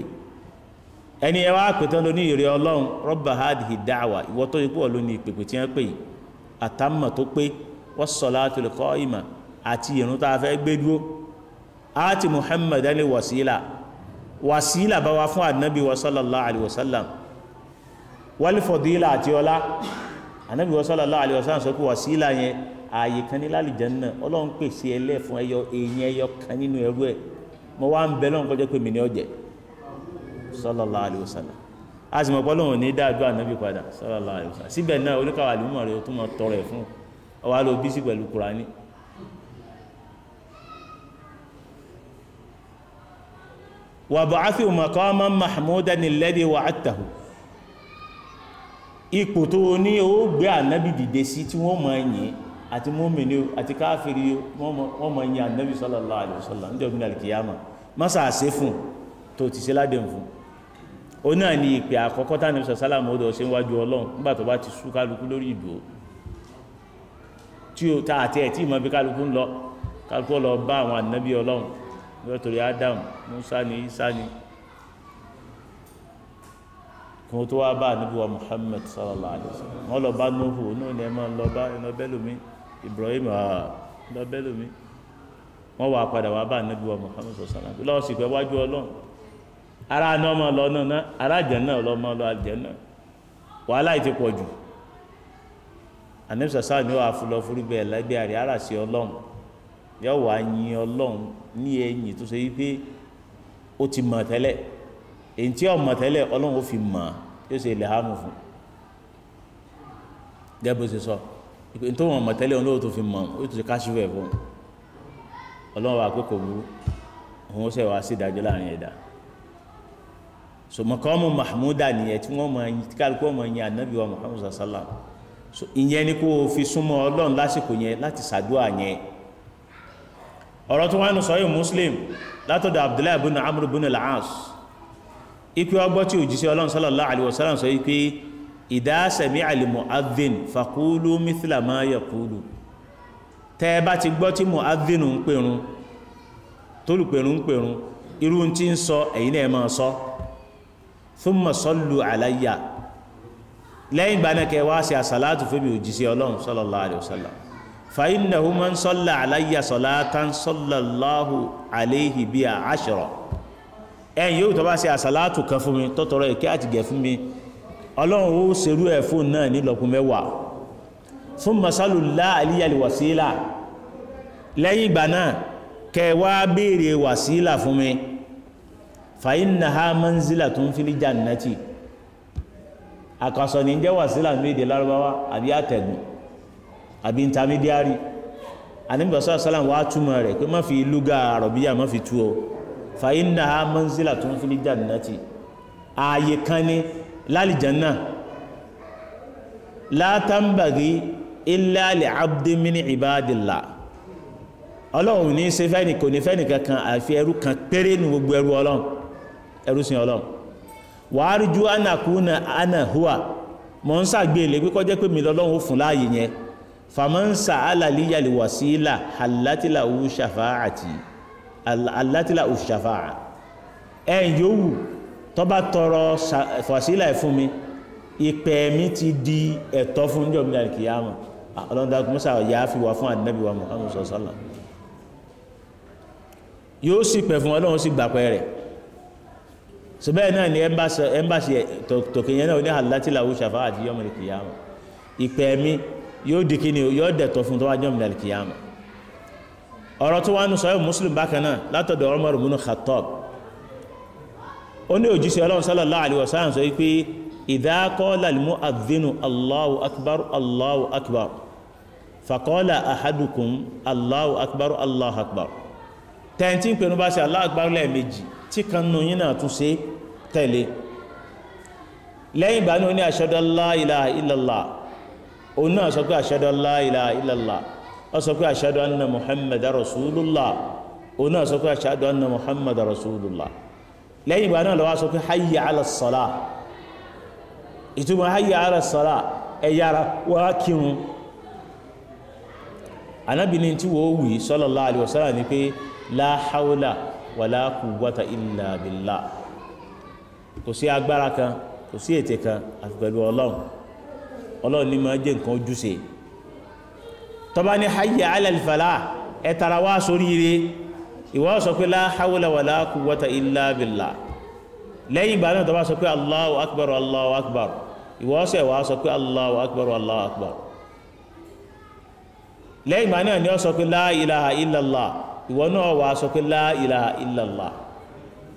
ẹni ẹ wá pètán lóní ìrè ọlọ́run rọ́bà hádìhì dáwà ìwọ tó yẹ kó wọ́n lóní ìpèpè tí wọ́n pè yìí àtàmọ̀ tó pé wọ́n sọ̀lá tòlùkọ́ ìmọ̀ àti ìrún tá a fẹ́ gbé dúró àti muhammad ẹni wàsílà wàsílà bá wa fún ànábì wa sallallahu alayhi wa sallam wàlífọ̀dìlà àti ọlá ànábì wa sallallahu alayhi wa sallam sọ pé wàsílà yẹn ààyè kan ní lálìjánnà ọlọ́run pèsè ẹlẹ́ fún ẹyọ èyí ẹyọ kan nínú ẹrú ẹ mo wá ń bẹ lọ́run pé mi ní ọ̀jẹ̀ sallallahu alaihi a sì mọ̀ pé ọlọ́run ní dáadọ́ ànábì padà sallallahu alaihi síbẹ̀ náà oníkàwé àlùmọ̀ rẹ tó mọ̀ tọrọ ẹ̀ fún ọ wá bí sí pẹ̀lú kùránì wàbàáfíù maqaman mahmudan ipò tó ní gbé ànábì dìde sí tí wọ́n àti mọ́mìnì o àti káfíìrì o wọ́n mọ̀ yín ànábì sallallahu alaihi wasallam ní ọdún alìkìyàmà mọ́sà àṣẹ fún tó ti ṣe ládẹ̀ fún o náà ní ìpè àkọ́kọ́ tánà sọ sálàmù ọdọ̀ ṣe ń wájú ọlọ́run nígbà tó bá ti sú kálukú lórí ìdò Adam Musa ni Isa ni kò wá bá ànábì wa Muhammad sallallahu alaihi wasallam wọ́n lọ bá nóhù náà ni ẹ lọ bá ẹ lọ bẹ́lùmíì Ibrahim ah, lọ́bẹ̀lómi wọ́n wà padà wà bá níbi wa Muhammad sọ̀sánà lọ́wọ́ sì pẹ́ wájú ọlọ́run ara àná ọmọ lọ náà ara àjẹ́nà ọlọ́mọ lọ àjẹ́nà wàhálà ìti pọ̀ jù àníbìsà sáà ni ó wà fúlọ fúrúgbẹ́ ẹ̀lẹ́gbẹ́ àrí ara sí ọlọ́run yóò wá yin ọlọ́run ní ẹ̀yìn tó ṣe wípé ó ti mọ̀ tẹ́lẹ̀ èyí tí ó mọ̀ tẹ́lẹ̀ ọlọ́run ó fi mọ̀ yóò ṣe ilẹ̀ hàmù fún gẹ́gbẹ́ bó ṣe sọ ìpè tó wọn mọ̀tẹ́lẹ̀ òun lóò tó fi mọ̀ ó tó ṣe káṣí rẹ̀ fún ọlọ́run wa pé kò burú òun ó ṣẹ̀ wá sí ìdájọ́ láàrin ẹ̀dá so mọ̀kọ́mù mahmuda nìyẹn tí wọ́n mọ̀ kálukú ọmọ yẹn anabi wa muhammadu sallam so ìyẹn ni kó o fi súnmọ́ ọlọ́run lásìkò yẹn láti ṣàdúrà yẹn ọ̀rọ̀ tó wà nù sọ́yìn muslim látọ̀dọ̀ abdullahi ibn amr ibn al-as ipe ọgbọ́ tí òjíṣẹ́ ọlọ́run sallallahu alaihi wasallam sọ yìí pé idha sami'a al-mu'adhdhin faqulu mithla ma yaqulu tẹ́ ẹ bá ti gbọ́ tí mu'adhdhin ń pèrun tólùpèrun ń pèrun irú tí ń sọ ẹ̀yin náà máa sọ thumma sallu alayya lẹ́yìn ìgbà náà kẹ́ wá sí àsàlátù fẹ́mi òjíṣẹ́ ọlọ́run sallallahu alayhi wa sallam fa innahu man salla alayya salatan sallallahu alayhi biha ashra yóò tọ́ bá sí àsàlátù kan fún mi tọ́tọ̀rọ̀ ìkẹ́ àtìgẹ̀ fún mi ọlọ́run ó serú ẹ̀ fún náà nílọ́kùn mẹ́wàá fún masalu láàlíyà wàsílà lẹ́yìn ìgbà náà kẹwa béèrè wàsílà fún mi fàyínà ha manzila tún fil jannati àkàsọ̀ ní jẹ́ wàsílà méde lárúbáwá àbí àtẹ̀gùn àbí intermediary àníbàṣọ́ sálàm wàá túmọ̀ rẹ̀ pé má fi lúgà àrọ̀bíyà má fi tú o fàyínà ha manzila tún fil jannati ààyè kan ní lálìjánná látàmbàgí ilẹ̀ abdimini ibadillah ọlọ́run ní ṣe fẹ́ni kò ní fẹ́ni kankan àfi ẹrú kan péré nu gbogbo ẹrú ọlọ́run ẹrú sin ọlọ́run wàá rí ju anakuna anahua mọ̀ ń ṣàgbélé pé kọjá pé mi lọ́lọ́run ó fún láàyè yẹn famansa alaliyali wasila alatila ushafaati alatila ushafaati ẹ̀yìn yòówù tó bá tọrọ fàṣílà fún mi ìpè mi ti di ẹ̀tọ́ fún níjọ́ mi àlìkì yá mọ̀ ọlọ́dà musa yà á fi wà fún àdínábì wa muhammed sọ̀sọ́là yóò sì pẹ̀ fún ọlọ́run sì gbàpẹ́ rẹ̀ sọbẹ́ẹ̀ náà ni ẹ́mbàṣì tòkè yẹn náà ní àláti làwọn ṣàfà àti yọmọ àlìkì yá mọ̀ ìpè mi yóò di kí ni yóò dẹ̀tọ̀ fún tọ́wájú ọmọ àlìkì yá mọ̀ ọ̀rọ̀ tó wà nù sọ́yọ̀ muslim bákan náà látọ̀dọ̀ Umar ó ní òjíṣẹ́ ọlọ́run sallallahu alaihi wasallam sọ wípé idha qala al-mu'adhdhinu allahu akbar allahu akbar faqala ahadukum allahu akbar allahu akbar tẹ́ǹtì pẹ̀lú bá ṣe allahu akbar lẹ́ẹ̀mejì tí kan nù yín náà tún ṣe tẹ̀lé lẹ́yìn ìgbà ní ashhadu an la ilaha lẹ́yìn ìgbà náà ló wá sọ pé hayya ala sọ́lá ìtumọ̀ hayya ala sọ́lá ẹ yára wá kírun anábì ní tí wọ́n wì sallallahu alaihi wasallam ni pé la hawla wala quwwata illa billah kò sí agbára kan kò sí ète kan àfi pẹ̀lú ọlọ́run ọlọ́run ní máa jẹ́ nǹkan ojúṣe tó bá ní hayya ala tara wá sóríire ìwọ sọ pé la hawla wala quwwata illa billah lẹ́yìn ìgbà náà tó bá sọ pé allahu akbar allahu akbar ìwọ sọ ìwà sọ pé allahu akbar allahu akbar lẹ́yìn ìgbà náà ni ó sọ pé la ilaha illallah ìwọ náà wà sọ pé la ilaha illallah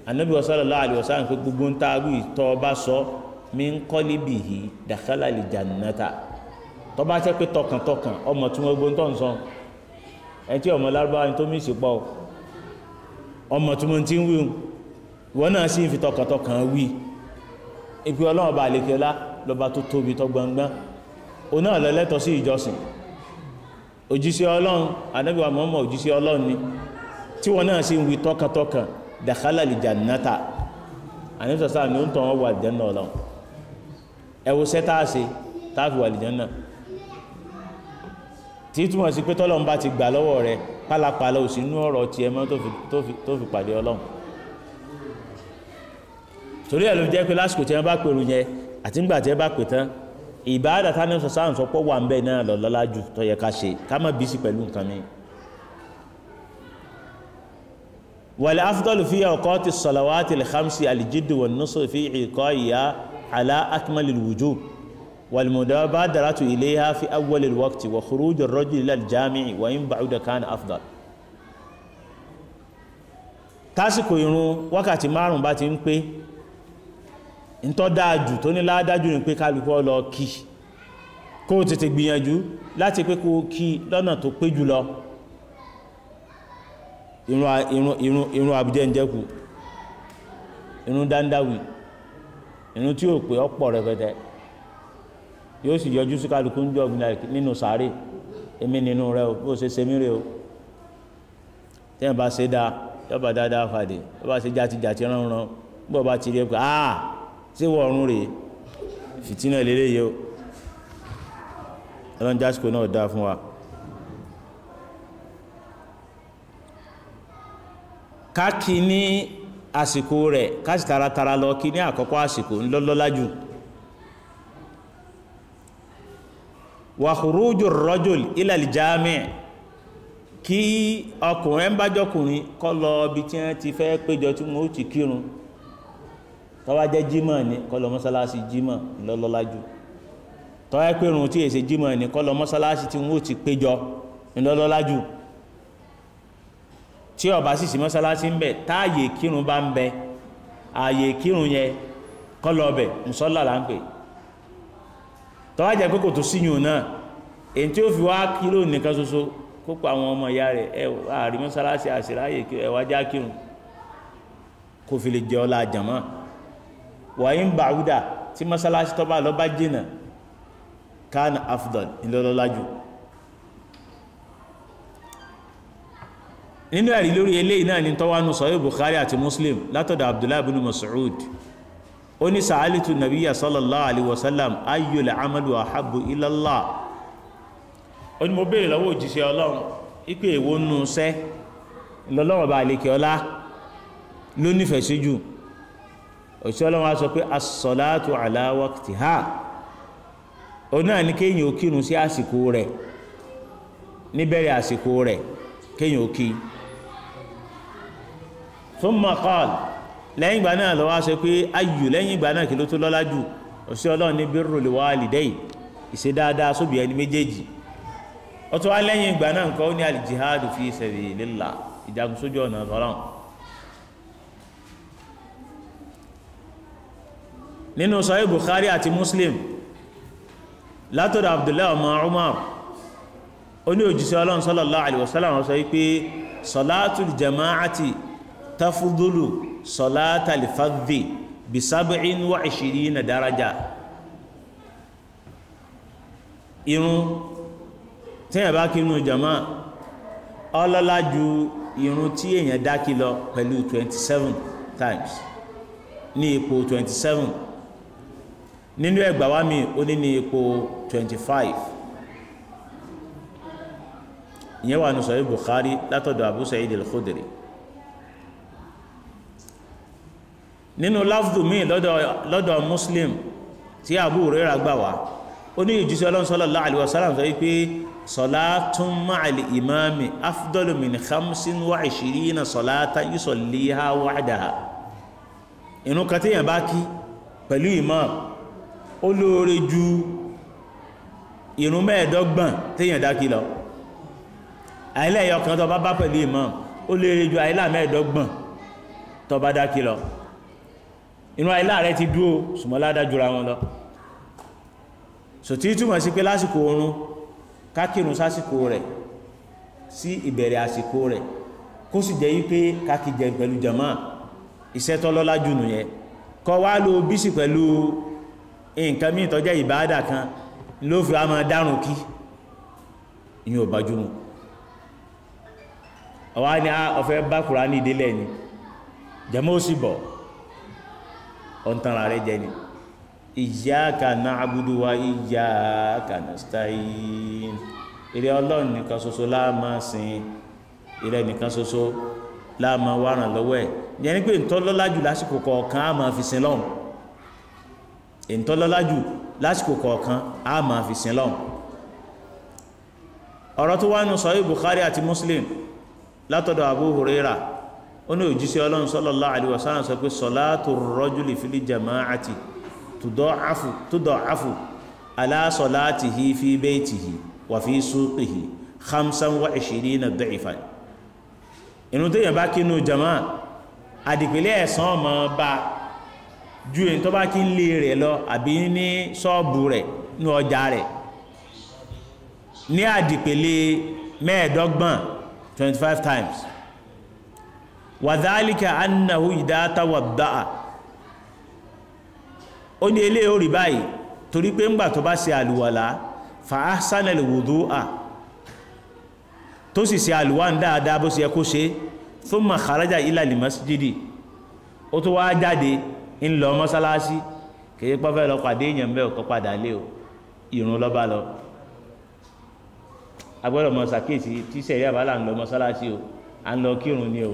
anabi sallallahu alaihi wasallam pé gbogbo ń taagú ìtọ́ ọba sọ min qalbihi dakhala li jannata tọ́ba jẹ́ pé tọkàntọkàn ọmọ tí wọ́n gbóńtọ̀ ń sọ ẹ tí ọmọ lárúbáwá ni tó mí ìsìpọ̀ o ọmọ tí mo ti ń wíhun wọn náà sì ń fi tọkàntọkàn wí ìpè ọlọ́run bá àlekè ọlá lọ́ba tó tóbi tó gbọngbọ́n òun náà lọ́lẹ́tọ̀ọ́ sí ìjọsìn òjíṣẹ́ ọlọ́run anábìwá mọ́mọ́ òjíṣẹ́ ọlọ́run ni tí wọn náà sì ń wí tọkàntọkàn dàkálà lè jà nàta àníṣọ́sá ni ó ń tọ́ wọn wà lìjẹ́ náà lọ ẹ wo sẹ́táàsì táàfì wà lìjẹ́ náà tí túmọ̀ sí pé tọ́lọ́run bá ti gbà lọ́wọ́ rẹ pálapàla ò sí inú ọ̀rọ̀ tiẹ̀ mọ́ tó fi pàdé ọlọ́run torí ẹ̀ ló jẹ́ pé lásìkò tí wọ́n bá pèrò yẹn àti nígbà tí wọ́n bá pè tán ìbáàdà tá ní sọ sáà ń sọ pọ̀ wà ń bẹ̀ náà lọ́lọ́lá jù tó yẹ ká ṣe ká má bí sí pẹ̀lú nǹkan mi. wàlẹ̀ afdọ́lù fi ọkọ ti sọ̀làwátì lẹ́xàmsì àlìjídù wọn nọ́sọ̀ fi ìkọ́ ìyá alá akmalil wujub والمبادرة إليها في أول الوقت وخروج الرجل إلى الجامع وإن بعد كان أفضل tásìkò irun wákàtí márùn bá ti ń pé ntọ́ dáájú tó ní ládájú ni pé kálukú lọ kí kó o tètè gbìyànjú láti pé kó o kí lọ́nà tó pé jùlọ irun àbújẹ́njẹ́kù irun dáńdáwì irun tí ò pé ọ̀pọ̀ rẹpẹtẹ yóò sì yọjú sí kálukú ń jọ nínú sáré èmi nínú rẹ o bó ṣe ṣe mí rè o tẹ́yìn bá ṣe dáa yọba dáadáa fàdé yọba ṣe jàtijàti ránran bó bá ti rí ẹ pé ṣé wọ́n ọ̀run rèé fìtínà lélẹ́yìí o ọlọ́njà àsìkò náà dáa fún wa. ká kí ní àsìkò rẹ̀ ká sì taratara lọ kí ní àkọ́kọ́ àsìkò ńlọ́lọ́lájú. wa khuruju rajul ila al-jami' kí ọkùnrin ń bájọkùnrin kọ́ lọ ibi tí wọ́n ti fẹ́ péjọ tí wọ́n ó ti kírun tọ́wá jẹ́ jímọ̀ ni kọ́ lọ mọ́sálásí jímọ̀ ńlọ́lọ́lájú tọ́wá pérun tí èsè jímọ̀ ni kọ́ lọ mọ́sálásí tí wọ́n ti péjọ ńlọ́lọ́lájú tí ọba sì sí mọ́sálásí ń bẹ táàyè kírun bá ń bẹ ààyè kírun yẹn kọ́ lọ mùsọ́lá là ń pè é tọ́wá jẹ́ pé kò tó síyùn náà èyí tí ó fi wá kílò nìkan ṣoṣo kópa àwọn ọmọ ìyá rẹ̀ ẹ àrí mọ́sálásí àṣíráyè ẹwà já kírun kò fi lè jẹ́ ọlá àjàmọ́ wàyí ń bàúdà tí mọ́sálásí tọ́ba lọ́ba jìnà kan afdal ìlọ́lọ́lájú nínú ẹ̀rí lórí eléyìí náà ni tọ́wánu sọ̀rọ̀ Bukhari àti Muslim látọ̀dọ̀ Abdullahi bin Mas'ud ó ní sàálìtù nàbíyà sallallahu alaihi wasallam ayyul amalu ahabbu ila Allah ó ní mo béèrè lọ́wọ́ òjíṣẹ́ ọlọ́run ipe èwo nù sẹ́ lọ́lọ́run bá àlekè ọlá ló nífẹ̀ẹ́ sí jù òṣìṣẹ́ ọlọ́run á sọ pé as-salatu ala waqtiha òun náà ní kéèyàn ó kírun sí àsìkò rẹ̀ níbẹ̀rẹ̀ àsìkò rẹ̀ kéèyàn ó kí thumma qala lẹ́yìn ìgbà náà ló wá sọ pé ayù lẹ́yìn ìgbà náà kí ló tó lọ́lá jù òṣìṣẹ́ ọlọ́run ní birrul walidayn ìṣe dáadáa sóbì ẹni méjèèjì ó tún wá lẹ́yìn ìgbà náà nǹkan ní al-jihadu fi sabilillah ìjagun sójú ọ̀nà ọlọ́run nínú sahih Bukhari àti Muslim látọ̀dọ̀ Abdullahi ọmọ Umar ó ní òjíṣẹ́ ọlọ́run sallallahu alaihi wasallam sọ wípé salatul jama'ati tafudulu sọláàtà lè fàdé bisabu'in wa ishirina daraja irun téèyàn bá kí inú jama ọlọ́lá ju irun tí èèyàn dá kí lọ pẹ̀lú twenty times ní ipò twenty seven nínú ẹgbà wa mi ó ní ní ipò twenty five ìyẹn nù sọ̀rọ̀ Bukhari látọ̀dọ̀ Abu Sa'id al-Khudri. nínú láfdù míì lọ́dọ̀ muslim tí Abu Hurairah gbà wá ó ní ìjísẹ́ ọlọ́run sallallahu alaihi wasallam sọ wípé salatun ma'al imami afdalu min khamsin wa ishirina salatan yusalliha wahdaha inú katíyàn bá kí pẹ̀lú imam ó lóore ju ìrun mẹ́ẹ̀ẹ́dọ́gbọ̀n téèyàn dákí lọ àìlẹ́yọ̀kan tó bá bá pẹ̀lú imam ó lóore ju àìlà mẹ́ẹ̀ẹ́dọ́gbọ̀n tó bá dákí lọ inú ayé láàrẹ ti dúró sùmọ́ ládájúra wọn lọ sòtí túmọ̀ sí pé lásìkò oorun kákìrún sásìkò rẹ̀ sí ìbẹ̀rẹ̀ àsìkò rẹ̀ kó sì jẹ́ wípé kákìjẹ pẹ̀lú jama iṣẹ́ tọ́lọ́lá jù nù yẹn kọ́ wá lo bísì pẹ̀lú nǹkan míì tọ́jẹ́ ìbáàdà kan ló fi wá máa dárùn kí ìyẹn ò bá jùmù ọ̀wá ni ah, ọ̀fẹ́ bá kùránì ìdílé ni jama ó sì bọ̀ ọ̀ntara rẹ̀ jẹ́ ni iyyaka na'budu wa iyyaka nasta'in ìrẹ́ ọlọ́run nìkan ṣoṣo láàmà sìn ìrẹ́ nìkan ṣoṣo láàmà wàràn lọ́wọ́ ẹ̀ yẹn ni pé ntọ́lọ́lájù lásìkò kọ̀ọ̀kan á máa fi sin lọ́hùn ntọ́lọ́lájù lásìkò kọ̀ọ̀kan á máa fi sin lọ́hùn ọ̀rọ̀ tó wá nù sọ́yìn Bukhari àti Muslim látọ̀dọ̀ Abu Hurairah ó ní òjíṣẹ́ ọlọ́run sallallahu alaihi wasallam sọ pé salatu rajuli fil jama'ati tuda'afu tuda'afu ala salatihi fi baytihi wa fi suqihi khamsan wa ishirina da'ifan inú téèyàn bá kínú jama'a àdìpẹ́lẹ́ ẹ̀sán ọmọ bá ju èyí tó bá kí ń lé rẹ̀ lọ àbí ní ṣọ́ọ̀bù rẹ̀ ní ọjà rẹ̀ ní àdìpẹ́lẹ́ mẹ́ẹ̀ẹ́dọ́gbọ̀n twenty five times wàdálíkà annahu ìdáta wàdáà ó ní ilé orí báyìí torí pé ńgbà tó bá ṣe àlùwàlá fa'ahsanal wudu'a tó sì ṣe àlùwà ń dáadáa bó ṣe ẹkó ṣe thumma kharaja ila al-masjidi ó tó wá jáde ń lọ mọ́sálásí kìí pọ́fẹ́ lọ pàdé èèyàn mẹ́ ọ̀kọ́ padà lé o ìrún lọ́ba lọ agbọ́dọ̀ mọ̀ sàkíyèsí tíṣẹ̀rí àbálà ń lọ mọ́sálásí o à ń lọ kírun ni o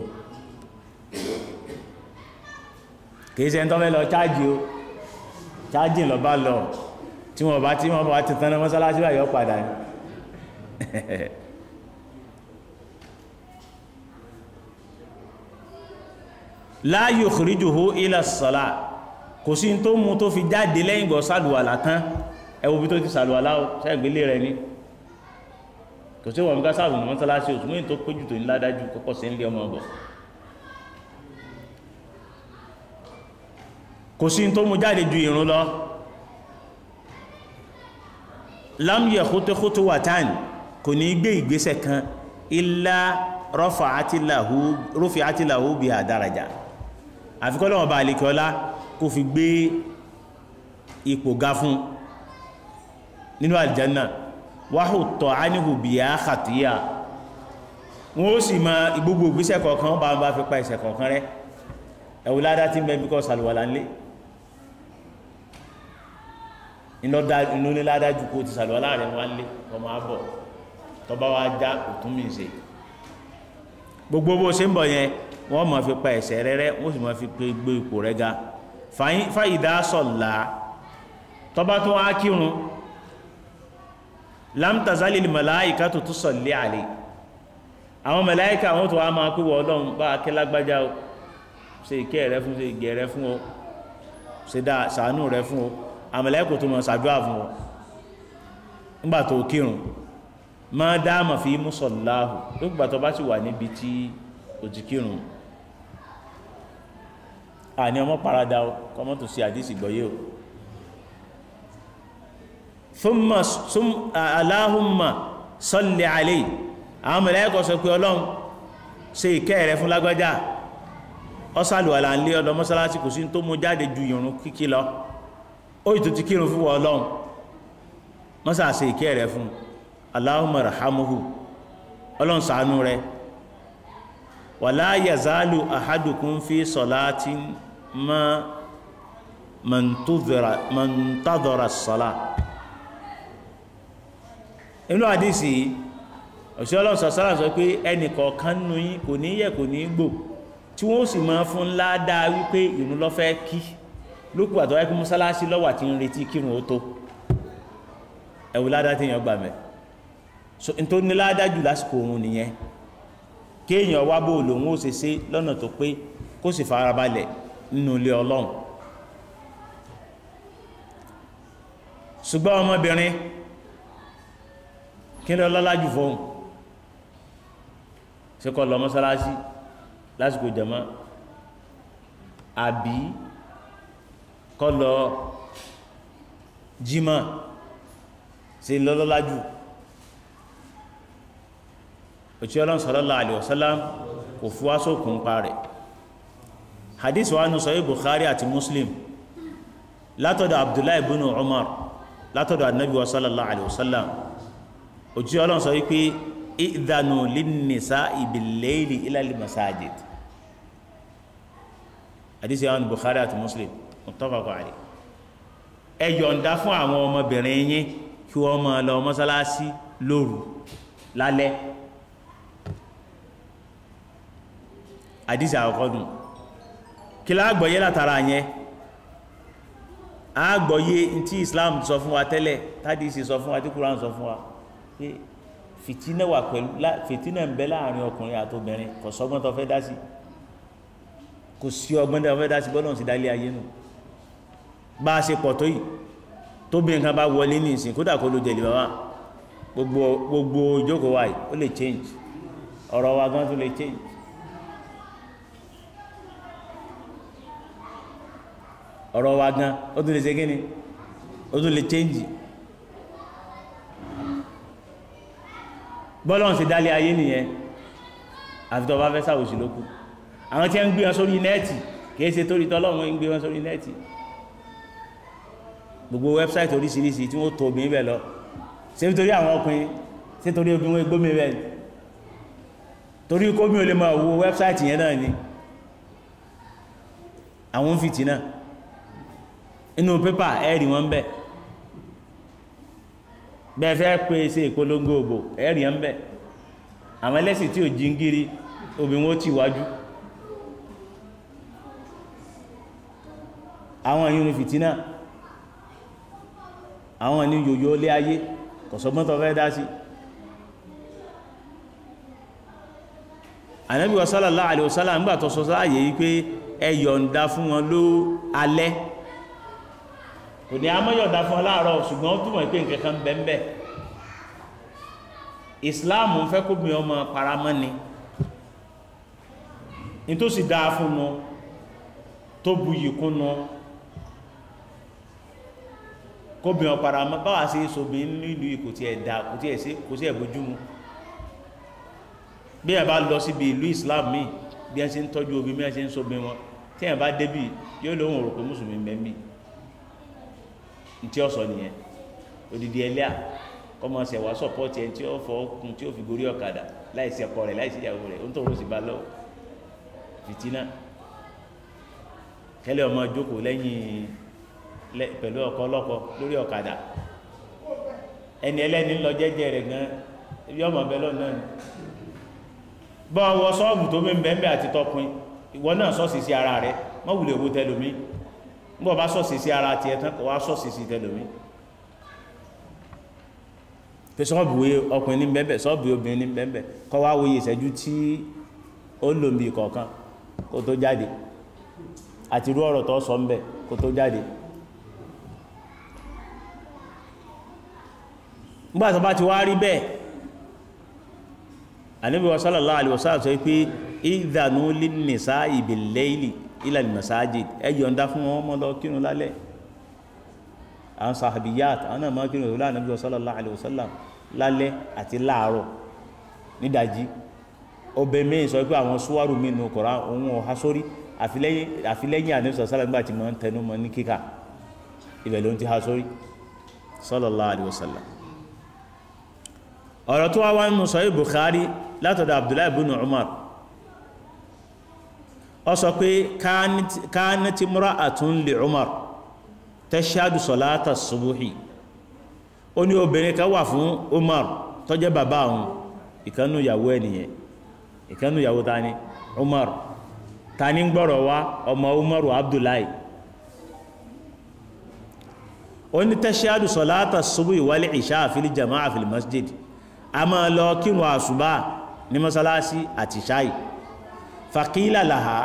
kìí ṣe ń tọ́ fẹ́ lọ chájì o chájì lọ bá lọ tí wọ́n bá tí wọ́n bá ti tán ní mọ́sálásí báyọ̀ padà ní la yukhrijuhu ila as-salat kò sí tó mú tó fi jáde lẹ́yìn gbọ́ sàlùwàlà tán ẹwọ́ bí tó ti sàlùwàlà ó sẹ́gbélé rẹ ní kò sí wọn ká sàlùwàlà mọ́sálásí òtún mú tó péjú tó ní ládájú kọ́kọ́ sí ń lé ọmọ ọgbọ̀n kò sí tó mú jáde ju ìrún lọ lámúyẹ̀ kótókótó wà tán kò ní gbé ìgbésẹ̀ kan ilá rọ́fà átìláhù bí àdárajà àfikọ́lọ́wọ̀n bá àlekọ́lá kò fi gbé ipò ga fún nínú àlìjánà wáhù tọ́ ánihu bí i àkàtúyà wọ́n ó sì ma gbogbo ìgbésẹ̀ kọ̀ọ̀kan bá ń bá fi pa ìṣẹ̀ kọ̀ọ̀kan rẹ̀ ẹ̀wùládá tí mẹ́bí kọ́ sàlùwàlá ńlé inú ní ládájú kó ti sàlùwà láàrin wá lé ọmọ abọ̀ tọba wa já òtún mi ṣe gbogbo bó ṣe ń bọ̀ yẹn wọ́n máa fi pa ẹ̀ṣẹ̀ rẹ́rẹ́ wọ́n sì máa fi pe gbé ipò rẹ̀ ga fàyídá sọ̀la tọba tó wá kírun lámtàzálì màláìka tó tún sọ̀lé àlè àwọn màláìka àwọn tó wá máa pé wọ́n ọlọ́run bá akẹ́lágbájá o ṣe ìkẹ́ rẹ fún ṣe ìgẹ̀ rẹ fún o ṣe dáa ṣàánú rẹ fún o àmàlẹ́kù tó mọ̀ sàdúrà fún wọn nígbà tó kírun ma dáàmà fi mùsọ̀láhù nígbà tó bá sì wà níbi tí ó ti kírun àní ọmọ parada ọmọ tó ṣe àdísì gbọ́yé o thumma aláhùnmà sọ́lì àlè àwọn mẹ̀lẹ́kọ̀ sọ pé ọlọ́run ṣe ìkẹ́ rẹ fún lágbájá ọsàlùwàlà ń lé ọdọ mọ́sálásí kò sí tó mú jáde ju ìrun kíkí lọ o yìí tó ti fún wọn lọ́hùn wọ́n ìkẹ́ rẹ̀ fún Allahumma rahamuhu ọlọ́run ṣàánú rẹ̀ wala yazalu ahadukum fi salatin ma mọ̀ntàdọ̀rà sọ́lá inú àdísì òṣìṣẹ́ ọlọ́run sọ̀sọ́lá sọ pé ẹnì kọ̀ọ̀kan nù yín kò ní lókùn àtọ́wá ikú mọ́sálásí lọ́wọ́ àti ń retí kírun ó tó ẹ̀wù ládá tí èèyàn gbà mẹ́ so n tó ní ládá jù lásìkò òun nìyẹn kéèyàn wá bó lòun ó ṣe ṣe lọ́nà tó pé kó sì farabalẹ̀ nínú ilé ọlọ́run ṣùgbọ́n ọmọbìnrin kí ni ọlọ́lá jù fóun ṣe kọ́ lọ mọ́sálásí lásìkò jẹ̀mọ́ àbí kọ́ lọ jímọ̀ sí lọ́lọ́lájú òtí ọlọ́n sallallahu alaihi wasallam kò fún aṣòkùn pa rẹ̀ hadith wa nù sọ́yí Bukhari àti Muslim látọ̀dọ̀ Abdullahi ibn Umar látọ̀dọ̀ annabi wa sallallahu alaihi wasallam òtí ọlọ́n sọ wípé ìdánù lìnnìsá bil-layli ila al-masajid hadith wa muttafaqun alayh ẹ yọ̀ǹda fún àwọn ọmọbìnrin yín kí wọ́n máa lọ mọ́sálásí lóru lálẹ́ àdìsí àkọ́dùn kí láàgbọ̀yé látara yẹn àgbọ̀yé tí Islam sọ fún wa tẹ́lẹ̀ tádìsí sọ fún wa tí Quran sọ fún wa pé fìtínà wà pẹ̀lú fìtínà ń bẹ láàrin ọkùnrin àtobìnrin kò sọ́gbọ́n tó fẹ́ dá sí kò sí ọgbọ́n tó fẹ́ dá sí bọ́lọ́run sì dálé ayé nù. No bá a ṣe pọ̀ tó yìí tó bí nǹkan bá wọlé ní ìsìn kódà kó ló jẹ̀lì bàbá gbogbo gbogbo ìjókòó wa ó lè change ọ̀rọ̀ wa gan tó lè change ọ̀rọ̀ wa gan ó tún lè ṣe kíni ó tún lè change bọ́lọ́n sì dálé ayé nìyẹn àfi tó bá fẹ́ ṣàwòsí lókù àwọn tí wọ́n ń gbé wọn sórí nẹ́ẹ̀tì kì í ṣe torí tọ́lọ́run ń gbé wọn sórí nẹ́ẹ̀tì gbogbo website oríṣiríṣi tí wọ́n tó obìnrin bẹ̀ lọ ṣé nítorí àwọn ọkùnrin ṣé torí obìnrin gbómi bẹ́ẹ̀ ni torí kómi ò lè máa wo wẹ́bsáìtì yẹn náà ni àwọn ń fìtì náà inú pépà ẹ̀rì wọn bẹ̀ bẹ́ẹ̀ fẹ́ pé ṣe ìpolongo òbò ẹ̀rì wọn bẹ̀ àwọn ẹlẹ́sìn tí ò jíngiri obìnrin ó ti wájú àwọn ìyún fìtì náà àwọn ní yòyò lé ayé kọ̀sọ́gbọ́n tó fẹ́ dá sí ànábì sallallahu alaihi wasallam nígbà tó sọ sáàyè yìí pé ẹ yọ̀ǹda fún wọn ló alẹ́ kò ní a máa yọ̀ǹda fún wọn láàárọ̀ ṣùgbọ́n ó túmọ̀ pé nǹkan kan bẹ́ẹ̀ bẹ́ẹ̀ Islam fẹ́ kó mi ọmọ paramọ́ ni nítòsí dáa fún un tó buyì kún kóbìnrin ọ̀pára báwa ṣe é sobi nílùú yìí kò tiẹ̀ dá kò tiẹ̀ ṣe kò tiẹ̀ bójúmu bí ẹ bá lọ síbi ìlú Islam míì bí ẹ ṣe ń tọ́jú obi bí ẹ ṣe ń sobi wọn tí ẹ bá débì yóò lóhùn òrò pé mùsùlùmí mẹ́mí ntí ọ̀sọ̀ nìyẹn odidi ẹlẹ́à kọ́mọ ṣẹ̀ wá sọ̀pọ́tì ẹ̀ tí ó fọ́ okùn tí ó fi gorí ọ̀kadà láìsí ọkọ rẹ̀ láìsí ìyàwó rẹ̀ ó ń tọ́wọ́ sí ba lọ́wọ́ fìtínà kẹ́lẹ́ ọmọ jókòó lẹ́yìn pẹ̀lú ọkọ ọlọ́kọ lórí ọ̀kadà ẹni ẹlẹ́ni lọ jẹ́jẹ́ rẹ̀ gan ibi ọmọ bẹ lọ náà bọ́ ọwọ́ sọ́ọ̀bù tó mẹ́mẹ́ àti tọkùn ìwọ náà sọ́ọ̀sì sí ara rẹ̀ mọ́ wùlẹ̀ owó tẹlomi nígbà bá sọ́ọ̀sì sí ara tiẹ̀ tán kò wá sọ́ọ̀sì sí tẹlomi pé sọ́ọ̀bù ọkùnrin ní bẹ́ẹ̀ sọ́ọ̀bù obìnrin ní bẹ́ẹ̀ kọ́ wá wòye ìṣẹ́jú tí ó ń lò bí kọ̀ọ̀kan kó tó jáde àti irú ọ̀rọ̀ tó sọ ń bẹ̀ kó tó jáde nígbà tó bá ti wá rí bẹ́ẹ̀ ànábì wa sallallahu alaihi wasallam sọ pé ìdànù lìnìṣà ìbìlẹ́ìlì ìlànà masáàjì ẹ yọ̀ǹda fún wọn mọ́ lọ kírun lálẹ́ àwọn sahabiyat àwọn náà máa kírun lálẹ́ ànábì wa sallallahu alaihi wasallam lálẹ́ àti láàárọ̀ nídàjí ọbẹ̀ mẹ́yìn sọ pé àwọn suwaru mi nù kọ̀ra òun ọ̀há sórí àfilẹ́yìn ànábì sallallahu alaihi wasallam ti máa ń tẹnu mọ́ ní ọ̀rọ̀ tó wá wá nínú sọ Bukhari látọ̀dọ̀ Abdullahi ibn Umar ọ sọ pé kanat imra'atun li Umar tashhadu salata subuhi ó ní obìnrin kan wà fún Umar tó jẹ́ bàbá òun ìkànnù ìyàwó ẹnìyẹn ìkànnù ìyàwó ta ni Umar ta ni ń gbọ́rọ̀ wá ọmọ Umar Abdullahi ó ní tashhadu salata subuhi wal isha fil masjid a máa lọ kírun àṣùbà ní mọ́sálásí àti ṣáì fàkílà làhá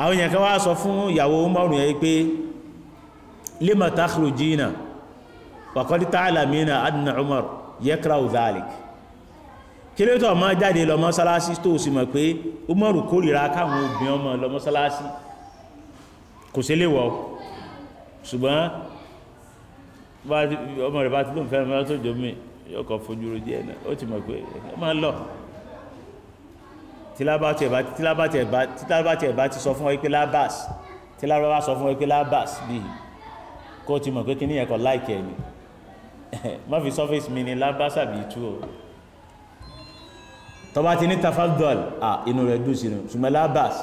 àwọn èèyàn kan wá sọ fún ìyàwó mọ́rùn yẹn pé lima takhrujina waqad ta'lamina adna umar yakrahu dhalik kílótọ̀ ọmọ jáde lọ mọ́sálásí tó sì mọ̀ pé umaru kórìíra káwọn obìnrin ọmọ lọ mọ́sálásí kò sí lè wọ̀ ṣùgbọ́n ọmọ rẹ̀ bá ti lóun fẹ́ràn mọ́sálásí yóò kọ́ fojú ro díẹ̀ náà ó ti mọ̀ pé ẹ máa ń lọ tílábàtì ẹ̀bá ti sọ fún ọ pé lábàs tílábàtì sọ fún ọ pé lábàs bíi kó o ti mọ̀ pé kíní yẹn kọ́ láìkì ẹ̀ ni má fi surface mi ni lábàs àbí tú o tọ́ba ti ní tafadol à inú rẹ̀ dùn sínú ṣùgbọ́n lábàs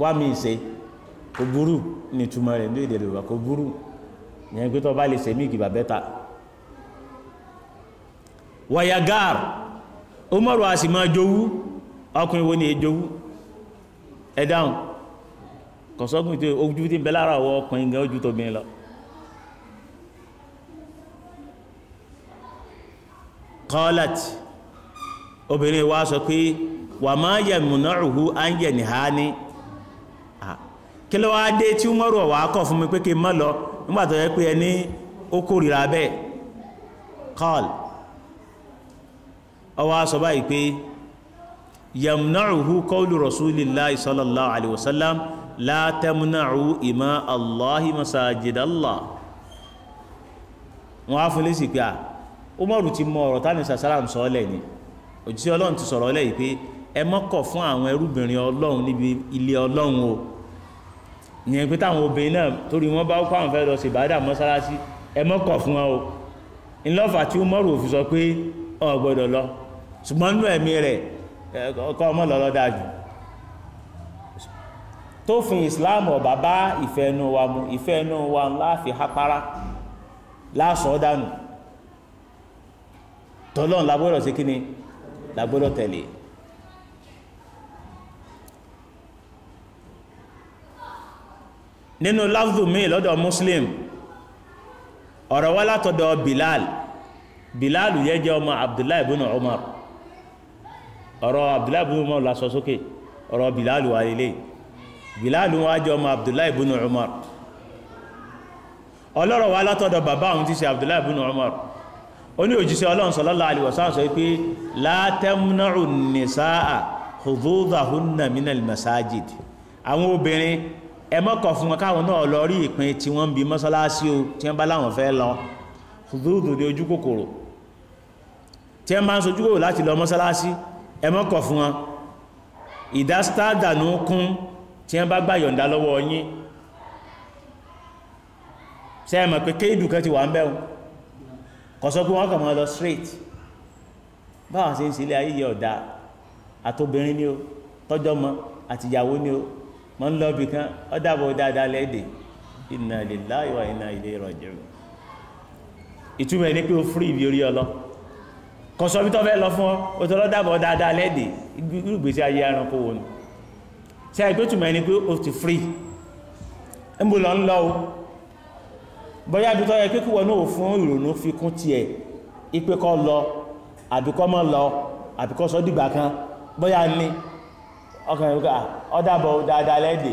wá mi ṣe kò burú ní ìtumọ̀ rẹ̀ ní èdè Yorùbá kò burú ìyẹn pé tọ́ba lè ṣe mí ìgbà bẹ́ta. wayagar umaru a si ma jowu ọkùnrin wo ni è e jowú ẹ dáhùn kọ̀sọ́gùn tí ojú tí ń bẹ lára ọwọ́ ọkùnrin gan ojú tóbi lọ qalat obìnrin wa sọ pé wà máa yẹ múná òhú áńyẹ ní kí wá dé tí umaru fún mi pé kí lọ yẹ pé ẹni ó bẹ́ẹ̀ ọwọ́ aṣọ báyìí pé yamna'uhu qawlu rasulillahi sallallahu alayhi wa sallam la tamna'u ima allahi masajidallah wọn á fún lé sí pé à umaru ti mọ ọ̀rọ̀ tani sasalam sọ ọ lẹ́yìn òjíṣẹ́ ọlọ́run ti sọ̀rọ̀ lẹ́yìn pé ẹ mọ́kọ̀ fún àwọn ẹrúbìnrin ọlọ́run níbi ilé ọlọ́run o ìyẹn pé táwọn obìnrin náà torí wọn bá kó àwọn fẹ́ lọ sí ìbádà mọ́sálásí ẹ mọ́kọ̀ fún wọn o ńlọ́fà tí umaru òfin sọ pé ọ̀ gbọ́dọ̀ lọ ṣùgbọ́n nínú ẹ̀mí rẹ̀ ọkọ ọmọ lọ́lọ́ dájú tófin islam ọ̀bà bá ìfẹ́ ẹnu wa mu ìfẹ́ ẹnu wa láàfin hápárá láàsọ̀ dànù tọ́lọ́n lagbọ́dọ̀ sí kíni lagbọ́dọ̀ tẹ̀lé nínú lafzu mi lọ́dọ̀ muslim ọ̀rọ̀ wá látọ̀dọ̀ bilal bilal yẹ jẹ́ ọmọ abdullahi ibn umar ọ̀rọ̀ abdullahi ibn umar la sọ sókè ọ̀rọ̀ bilalu wa lélẹ̀ bilalu wa jẹ́ ọmọ abdullahi ibn umar ọlọ́rọ̀ wa látọ̀dọ̀ bàbá àwọn tí ṣe abdullahi ibn umar ó ní òjíṣẹ́ ọlọ́run sallallahu alaihi wasallam sọ pé la tamna'u nisaa hududahunna minal masajid àwọn obìnrin ẹ mọ́kọ̀ fún wọn káwọn náà lọ rí ìpín tí wọ́n ń bi mọ́sálásí o tí wọ́n bá láwọn fẹ́ ní ojú kòkòrò tí wọ́n bá ń sojú kòkòrò láti lọ mọ́sálásí ẹmọ́kọ̀ fún wọn ìdástáàdànú kún tí wọ́n bá gbà yọ̀ǹda lọ́wọ́ yín ṣe é pé kéèdù kan ti wà ń bẹ̀rù kọ̀ sọ pé wọ́n kàn mọ́ lọ straight báwọn ṣe ń ṣe ilé ayé yẹ ọ̀dà àtobìnrin ni o tọ́jọ́ mọ́ àtìyàwó ni o mọ́ ń lọ bìkan ọ́dàbọ̀ dáadáa lẹ́ẹ̀dẹ̀ inna lillahi wa inna ilayhi raji'un ìtumọ̀ ẹni pé o fúrí ìbí orí ọlọ́ kọ̀sọ́ bí tọ́ fẹ́ lọ fún ọ o tọ́ lọ́dàbọ̀ dáadáa lẹ́dì irúgbèsè ayé ẹranko wò nù ṣe àìpétùmọ̀ ẹni pé o ti free ń bò lọ ń lọ o bọ́yá bí tọ́ yẹ kí kíwọ ìrònú fi kún tiẹ̀ ipe kọ́ lọ àbí kọ́ mọ́ lọ àbí kọ́ sọ dìgbà kan bọ́yá ní ọkàn ìrúkà ọ̀dàbọ̀ dáadáa lẹ́dì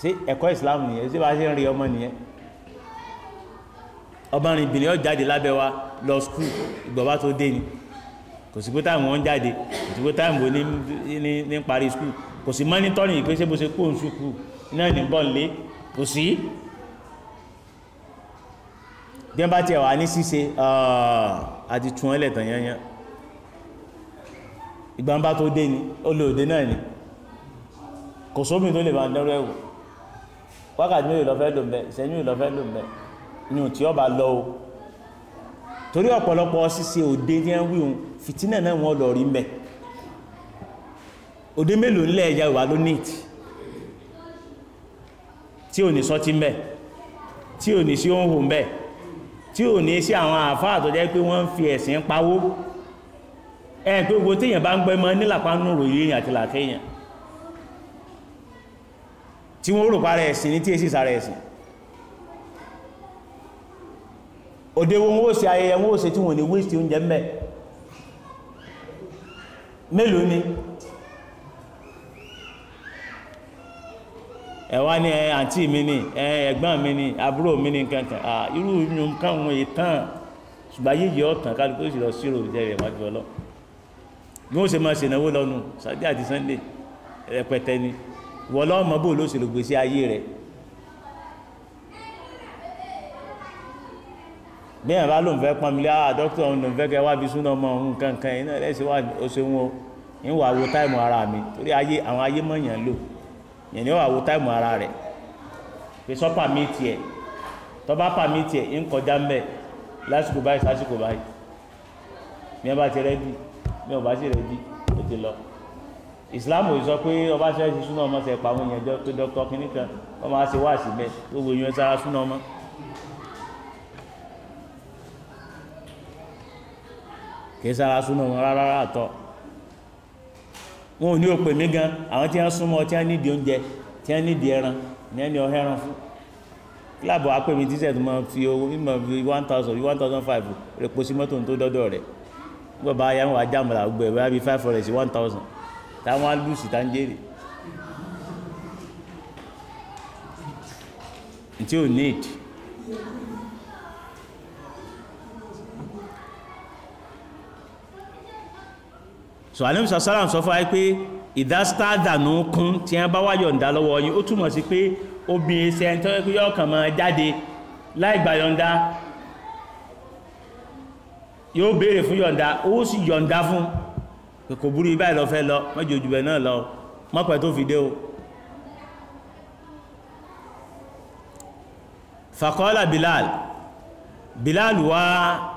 ṣé ẹ̀kọ́ ìsìlámù nìyẹn ṣé bá ṣe ń rí ọmọ nìyẹn ọmọ rìnbìnrin ó jáde lábẹ́ wa lọ skul ìgbọ̀nba tó dé ni kò sí pé táìmù wọn jáde kò sí pé táìmù wọn ní parí skul kò sí mọ́nítọ́rìn ìpèsè bó ṣe kó ń ṣukú náà ní bọ́ọ̀lé kò sí bí wọ́n bá tiẹ̀ wà ní ṣíṣe àti ah, tún ẹlẹ́tàn yányán ìgbà ń bá tó dé ni ó lè òde náà ni kò sómi tó lè máa dẹ́rọ ẹ̀wò wákàtí mi ò lọ fẹ́ lò ń bẹ ìṣẹ́yìn ò lọ fẹ́ ò tí ọba lọ torí ọ̀pọ̀lọpọ̀ ṣíṣe òde ní ẹ̀ ń wíhun fìtínà náà wọ́n lọ rí mbẹ́ òde mélòó ńlẹ̀ ẹ̀yà ìwà ló níìtì tí ò ní sọtí mbẹ́ tí ò ní sí òǹhùn mbẹ́ tí ò ní sí àwọn àáfàá tó jẹ́ pé wọ́n ń fi ẹ̀sìn pawó ẹ̀ pé gbogbo téèyàn bá ń gbẹ́ mọ́ nílàpánú ròyìn èèyàn àti làkẹ́yàn tí wọ́n rò parẹ́ ẹ̀sìn ní tí èsì sára ẹ̀sìn òde wọn ó ṣe ayẹyẹ wọn ó ṣe tí wọn ní wíṣì oúnjẹ mẹ́ mélòó ni ẹ̀wá ni ẹ àǹtí mi ni ẹ ẹ̀gbọ́n mi ni àbúrò mi ni kankan à irú yun káwọn ìtàn ṣùgbọ́n ayé yìí ọ̀tàn kálukú sì lọ sírò jẹ́rẹ̀ ìwájú ọlọ́ bí wọ́n ṣe máa ṣènáwó lọ́nu sátidé àti sànńdé rẹpẹtẹ ni wọ́n bò ló ṣèlú gbèsè ayé rẹ̀ bí ẹ̀ bá ló ń fẹ́ pọ́nmilé ah dókítà òun ló ń fẹ́ kẹ́ wá fi súná mọ́ òun kankan iná ẹ̀sìn wà ó ṣe wọn ń wà wo táìmù ara mi torí ayé àwọn ayé mọ̀yàn lò yẹn ni ó wà wo táìmù ara rẹ̀ pé sọ́pà mi tiẹ̀ tọ́ba pà mí tiẹ̀ ń kọjá mbẹ́ lásìkò báyìí sásìkò báyìí mi ọba ti rẹ́dí mi ọba ti rẹ́dí ó ti lọ ìsìláàmù sọ pé ọba ṣe é ṣe súná ọmọ ṣe pàwọn èèyàn tó dọ́kítọ́ kìnnìkan ọmọ á ṣe wá sí bẹ́ẹ̀ gbogbo èèyàn sára súná ọmọ. kìí sára súnà wọn rárá àtọ wọn ò ní òpè mí gan àwọn tí wọn súnmọ́ tí wọn nídìí oúnjẹ tí wọn nídìí ẹran ní ẹni ọhẹ ẹran fún kílàbọ̀ apẹ̀mí tíṣẹ̀ tó máa fi owó mímọ̀ fi one thousand one thousand five rẹ̀ pọ̀ sí mọ́tò tó dọ́dọ̀ rẹ̀ nígbà bá yà wọn ajámọ̀lá gbogbo ẹ̀ bá bí five hundred sí one thousand táwọn alùsì tá ń jèrè tí ò need so anabi sasara sọ fún wa pé ìdásítàdànù kún tí wọn bá wáyọ̀ ǹda lọ́wọ́ yín ó túmọ̀ sí pé obìnrin ṣe ẹni tó yẹ kó yọ ọkàn máa jáde láì gba yọ̀ǹda yóò béèrè fún yọ̀ǹda ó sì yọ̀ǹda fún kò burú ibà lọ fẹ́ lọ mọ́jọ bẹ̀ náà lọ mọ́pẹ́ tó fi dé o. fàkọ́lá Bilal Bilal wá. Wa...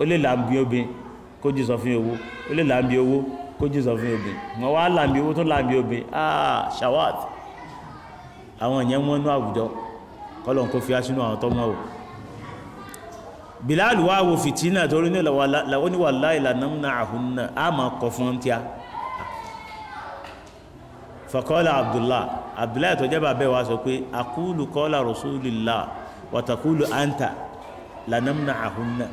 ó lè làǹbì obìnrin kó jí sọ fún owó ó lè làǹbì owó kó jí sọ fún obìnrin wọn wá làǹbì owó tó làǹbì obìnrin ah shawat àwọn ìyẹn wọn nú àwùjọ kọlọ̀n kó fi aṣínú àwọn tọ́mọ o Bilal wá wo fìtínà torí ní làwọn ní wàlá ìlànà múnà àhúnà á máa kọ fún tíá fàkọ́lá Abdullah Abdullah tó jẹ́ bàbá wa sọ pé àkúlù kọ́lá Rasulillah wàtàkúlù àǹtà lànà múnà àhúnà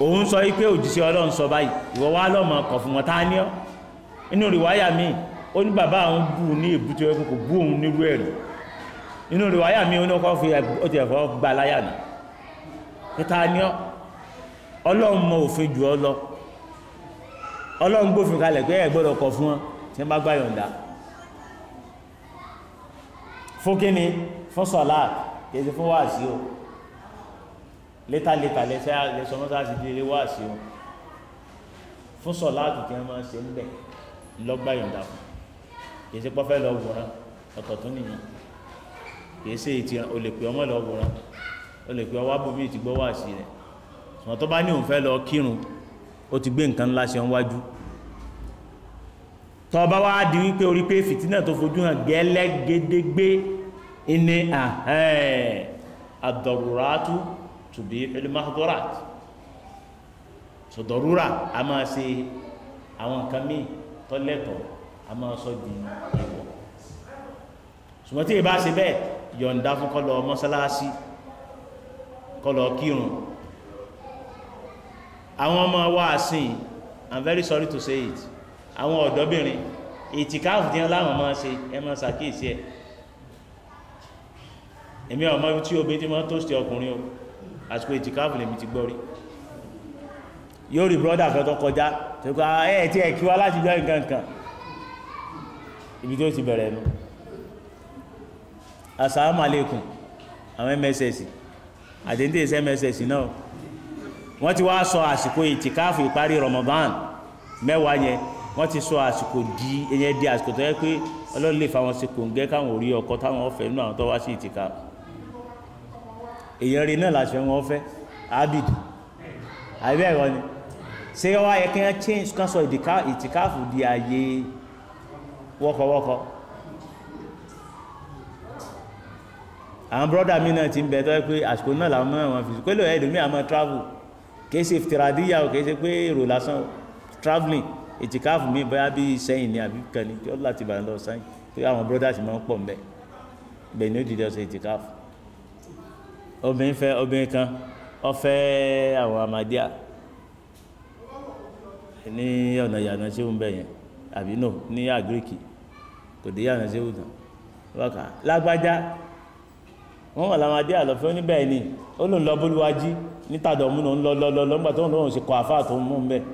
òun sọ yìí pé òjíṣẹ́ ọlọ́run sọ báyìí ìwọ wá lọ́mọ kọ̀ fún wọn tá a ní ọ́ inú rìwáyà míì ó ní bàbá àwọn bù ní ìbútí ọkọ̀ kò bú òun nírú ẹ̀ inú rìwáyà ó ní fi ọtí ẹ̀fọ́ gba láyà nù ní ọ́ ọlọ́run mọ òfin jù ọ lọ ọlọ́run gbófin kalẹ̀ pé ẹ̀ gbọ́dọ̀ fún tí wọ́n bá yọ̀ǹda fún ti fún wáàsí later later lẹsẹ lẹsọ mọ́sáàsì di eré wá sí o fún sọláàtù tí wọ́n máa ń ṣe ń bẹ̀ lọ́gbà yọ̀ǹda fún kì í ṣe pọ́fẹ́ lọ wòran ọ̀tọ̀ tó nìyẹn kì í ṣe ètì o lè pè ọmọ lọ wòran o lè pè ọwọ́ abúlé ti gbọ́ wá sí rẹ̀ ṣùgbọ́n tó bá ní òun fẹ́ lọ kírun ó ti gbé nǹkan ńlá ṣe ń wájú tó bá wá di wípé orí pé fìtínà tó fojú hàn gẹ́lẹ́gẹ́dẹ́gbé ní àdọ̀rùrátú tubihul mahdurat so darura a máa ṣe àwọn nǹkan míì tọ́lẹ̀tọ̀ a máa sọ di ìwọ̀ ṣùgbọ́n tí ìbá ṣe bẹ́ẹ̀ yọ̀ǹda fún kọlọ mọ́sálásí kọlọ kírun àwọn ọmọ wa sìn i'm very sorry to say it àwọn ọ̀dọ́bìnrin ìtìkáàfù díẹ̀ láwọn máa ṣe ẹ máa ṣàkíyèsí ẹ̀ èmi ọmọ ibi tí obìnrin ti máa tó ṣe ọkùnrin o àsìkò ìtìkáàfù lèmi ti gbọ́rí yóò rí brọ́dà kan tó kọjá tó kọ́ ah, ẹ̀ tí ẹ̀ kí wá láti gbọ́ nǹkan kan ibi tó ti bẹ̀rẹ̀ nu assalamu alaikum àwọn mss àtẹ̀ǹtẹ̀ ìṣe mss náà wọ́n ti wá sọ àsìkò ìtìkáàfù ìparí Ramadan mẹ́wàá yẹn wọ́n ti sọ àsìkò di ẹ̀yẹ di àsìkò tó yẹ pé ọlọ́run lè fa wọn sí kòǹgẹ́ káwọn ò ọkọ táwọn ọ̀fẹ́ nínú àwọn tó wá sí ìtìkáàfù èèyàn rí náà láti wọn fẹ́ abid àbí ẹ̀rọ ni ṣé wá yẹ kí wọ́n change kan sọ ìtìkáàfù di ààyè wọ́kọ̀wọ́kọ̀ àwọn brọ́dà mi náà ti ń bẹ tọ́ pé àsìkò náà làwọn mọ́ àwọn fìsì pẹ́lú ẹ̀dùnmí àmọ́ travel kìí ṣe tìràdíyà o kìí ṣe pé èrò lásán traveling ìtìkáàfù mi bóyá bí sẹ́yìn ni àbí kan ní tí ó láti bàá lọ sẹ́yìn pé àwọn brọ́dà sì máa ń pọ̀ ń bẹ bẹ́ẹ̀ ni ó dìde ọ̀sẹ̀ ìtìkáàfù obìnrin fẹ́ obìnrin kan ó fẹ́ àwọn amadíà ní ọ̀nà ìyànà tí ó ń bẹ̀ yẹn àbí nò ní àgíríkì kò dé ìyànà tí ó tàn lọ́kà lágbájá wọ́n wà láwọn adé àlọ́fẹ́ oníbẹ̀ ni ó lòun lọ bólúwájí nítàdọ̀mú lòun lọ lọ lọ lọ́gbà tó ń lọ́wọ́n ṣe kọ àfáà tó ń mú un bẹ́ẹ̀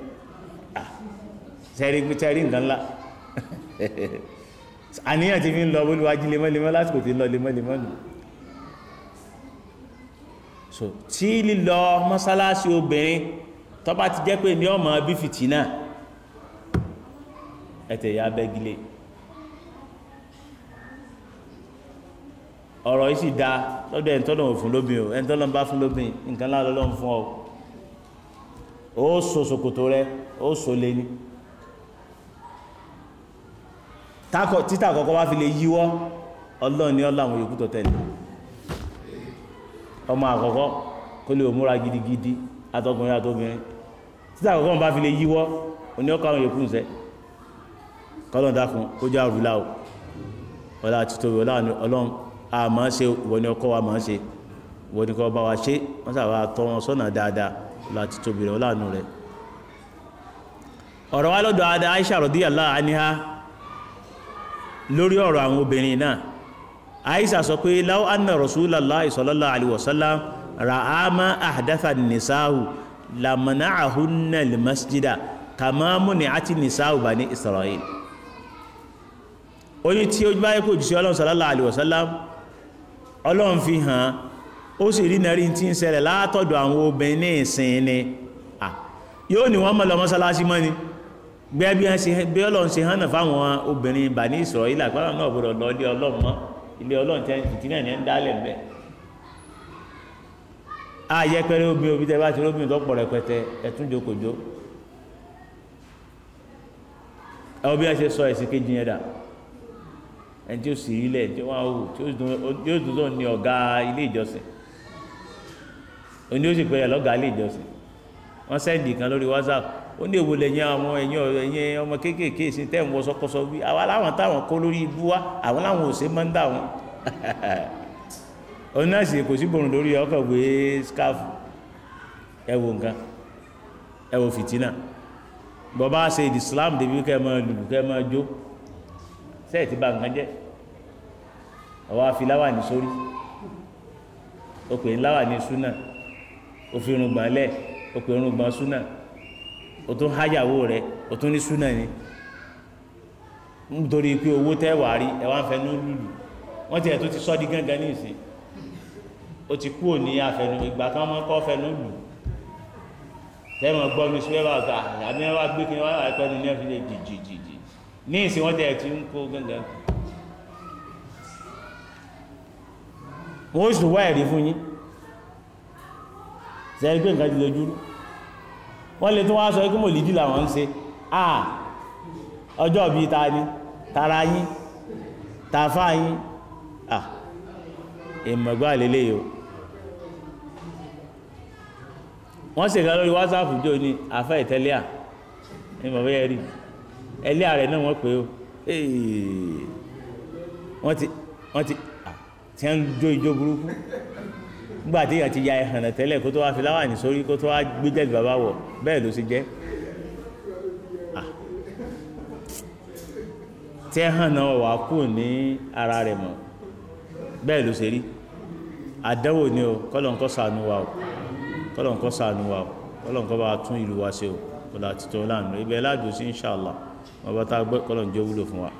tẹ́rí tẹ́rí nǹkan ńlá àníyàn ti fi ń lọ bólúwájí lemọ́lemọ́ lásìkò tí ń lọ lemọ́lemọ́ nù so tí lílọ mọ́sálásí obìnrin tó bá ti jẹ́ pé ní ọmọ bí fìtínà ẹ̀tẹ̀ ya bẹ́gilé ọ̀rọ̀ yìí sì da lọ́dọ̀ ẹni tọ́lọ̀ fún lóbìn o ẹni tọ́lọ̀ bá fún lóbìn nǹkan láàrín ọlọ́run fún ọ ó so ṣòkòtò rẹ ó so lé ní títà kọ́kọ́ wá fi lè yíwọ́ ọlọ́run ni ọlọ́run yòókù tó tẹ̀lé ọmọ àkọ́kọ́ kó lè múra gidigidi atọkùnrin àtọkùnrin títà àkọ́kọ́ bá fi lè yíwọ́ oní ọkọ̀ àwọn yòókù ńsẹ́ kọ́lọ̀dá fún ó jẹ́ àrùlá o ọlá títorí ọlá ọlọ́run a máa ṣe wọ́n ni ọkọ̀ wa máa ṣe wọ́n ni kọ́ bá wa ṣe wọ́n sàbá tọ́ wọn sọ́nà dáadáa ọlá títorí rẹ̀ lórí ọ̀rọ̀ àwọn obìnrin náà aisha sọ pé láwọn anna rasulallah sallallahu alaihi wasallam ra'ama ahdatha nisaahu lamana ahunna limasjida kamamu ni ati nisaahu bani israel oyin tí ojú báyìí kò jùsí ọlọ́run sallallahu alaihi wasallam ọlọ́run fi hàn ó sì rí nàrí tí ń ṣẹlẹ̀ látọ̀dọ̀ àwọn obìnrin ní ìsìn ni yóò ní wọ́n mọ̀ lọ mọ́sálásí mọ́ ni gbẹ́ bí ọlọ́run hàn náà fáwọn obìnrin bani israel àgbàlá náà gbọ́dọ̀ lọ́ọ́lé ọlọ́run mọ́ ilé ọlọ́run tẹ́ fìtínà ní ẹ̀ ń dálẹ̀ ń bẹ̀ ààyè pẹ̀lú omi omi tẹ́ bá ti rómi tó pọ̀ rẹpẹtẹ ẹ̀tún jòkòjò ẹ̀wọ́n bí wọ́n ṣe sọ ẹ̀sìn kejì yẹn dà ẹni tí ó sì rí lẹ̀ tí wọ́n á wù tí ó dùn tó ní ọ̀gá ilé ìjọsìn òní ó sì pẹ̀lú ọ̀gá ilé ìjọsìn wọ́n sẹ́ndì kan lórí WhatsApp ó ní èwo lẹ́yìn àwọn ẹ̀yìn ẹ̀yìn ọmọ kéékèèké sí tẹ́ ń wọ sọkọsọ wí àwa láwọn táwọn kó lórí ibú wa àwọn láwọn ò ṣe máa ń dà wọn òun náà sì kò sí bòrùn lórí ọkọ̀ gbé skáfù ẹ wo nǹkan ẹ wo fìtínà bọ́bá ṣe ìdí Islam débi kẹ́ máa lùlù kẹ́ máa jó sẹ́ẹ̀ ti ba nǹkan jẹ́ ọwọ́ afiláwà ní sórí òpè ńláwà ní súnà òfin rùgbọ́n lẹ̀ òpè rùgbọ́n súnà o tún háyàwó rẹ o tún ní súnà ni nítorí pé owó tẹ́wàá rí ẹ̀wà ń fẹnu lùlù wọ́n ti ẹ̀ tó ti sọ́ di gángan ní ìsìn o ti kúrò ní afẹnu ìgbà kan mọ́ kọ́ fẹnu lù tẹ́wọ̀n gbọ́ mi sún ẹ̀wà ọ̀gá àbí ẹ̀wà gbé kí wọ́n pẹ́ nu ní ẹ̀fí jìjìjì ní ìsìn wọ́n ti ẹ̀ ti ń kó gángan. wọ́n sì wá ẹ̀rí fún yín sẹ́yìn pé nǹkan ti lójú rú wọ́n lè tó wá sọ ikú mòlídì làwọn ń ṣe à ọjọ́ bíi ta ni tara yín tàfà yín à ìmọ̀gbà lélẹ̀ yìí o wọ́n sì ká lórí WhatsApp jò ní àfẹ́ ìtẹ́lẹ́à ní bàbá yẹn rí ẹlẹ́à rẹ̀ náà wọ́n pè ó wọ́n ti wọ́n ti tí wọ́n ń jó ijó burúkú nígbà tí èèyàn ti ya ẹ̀hànà tẹ́lẹ̀ kó tó wá fi láwàní sórí kó tó wá gbé jẹ́lì bàbá wọ̀ bẹ́ẹ̀ ló ṣe jẹ́ tí ẹ̀hànà wà kù ní ara rẹ̀ mọ̀ bẹ́ẹ̀ ló ṣe rí àdánwò ni o kọ́lọ̀nkọ́ ṣàánú wa o kọ́lọ̀nkọ́ ṣàánú wa o kọ́lọ̀nkọ́ bá tún ìlú wa ṣe o kọ́lọ̀ àti tó lánàá ibẹ̀ láàdùn sí insha Allah bá tá a gbé kọ́lọ̀njẹ́ wúlò fún wa.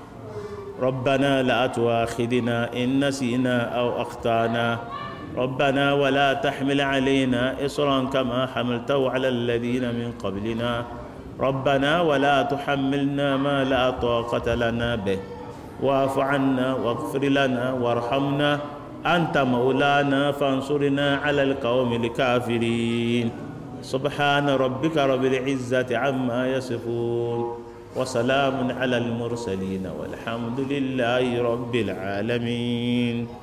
ربنا لا تؤاخذنا إن نسينا أو أخطأنا ربنا ولا تحمل علينا إصرا كما حملته على الذين من قبلنا ربنا ولا تحملنا ما لا طاقة لنا به واعف عنا واغفر لنا وارحمنا أنت مولانا فانصرنا على القوم الكافرين سبحان ربك رب العزة عما يصفون وسلام على المرسلين والحمد لله رب العالمين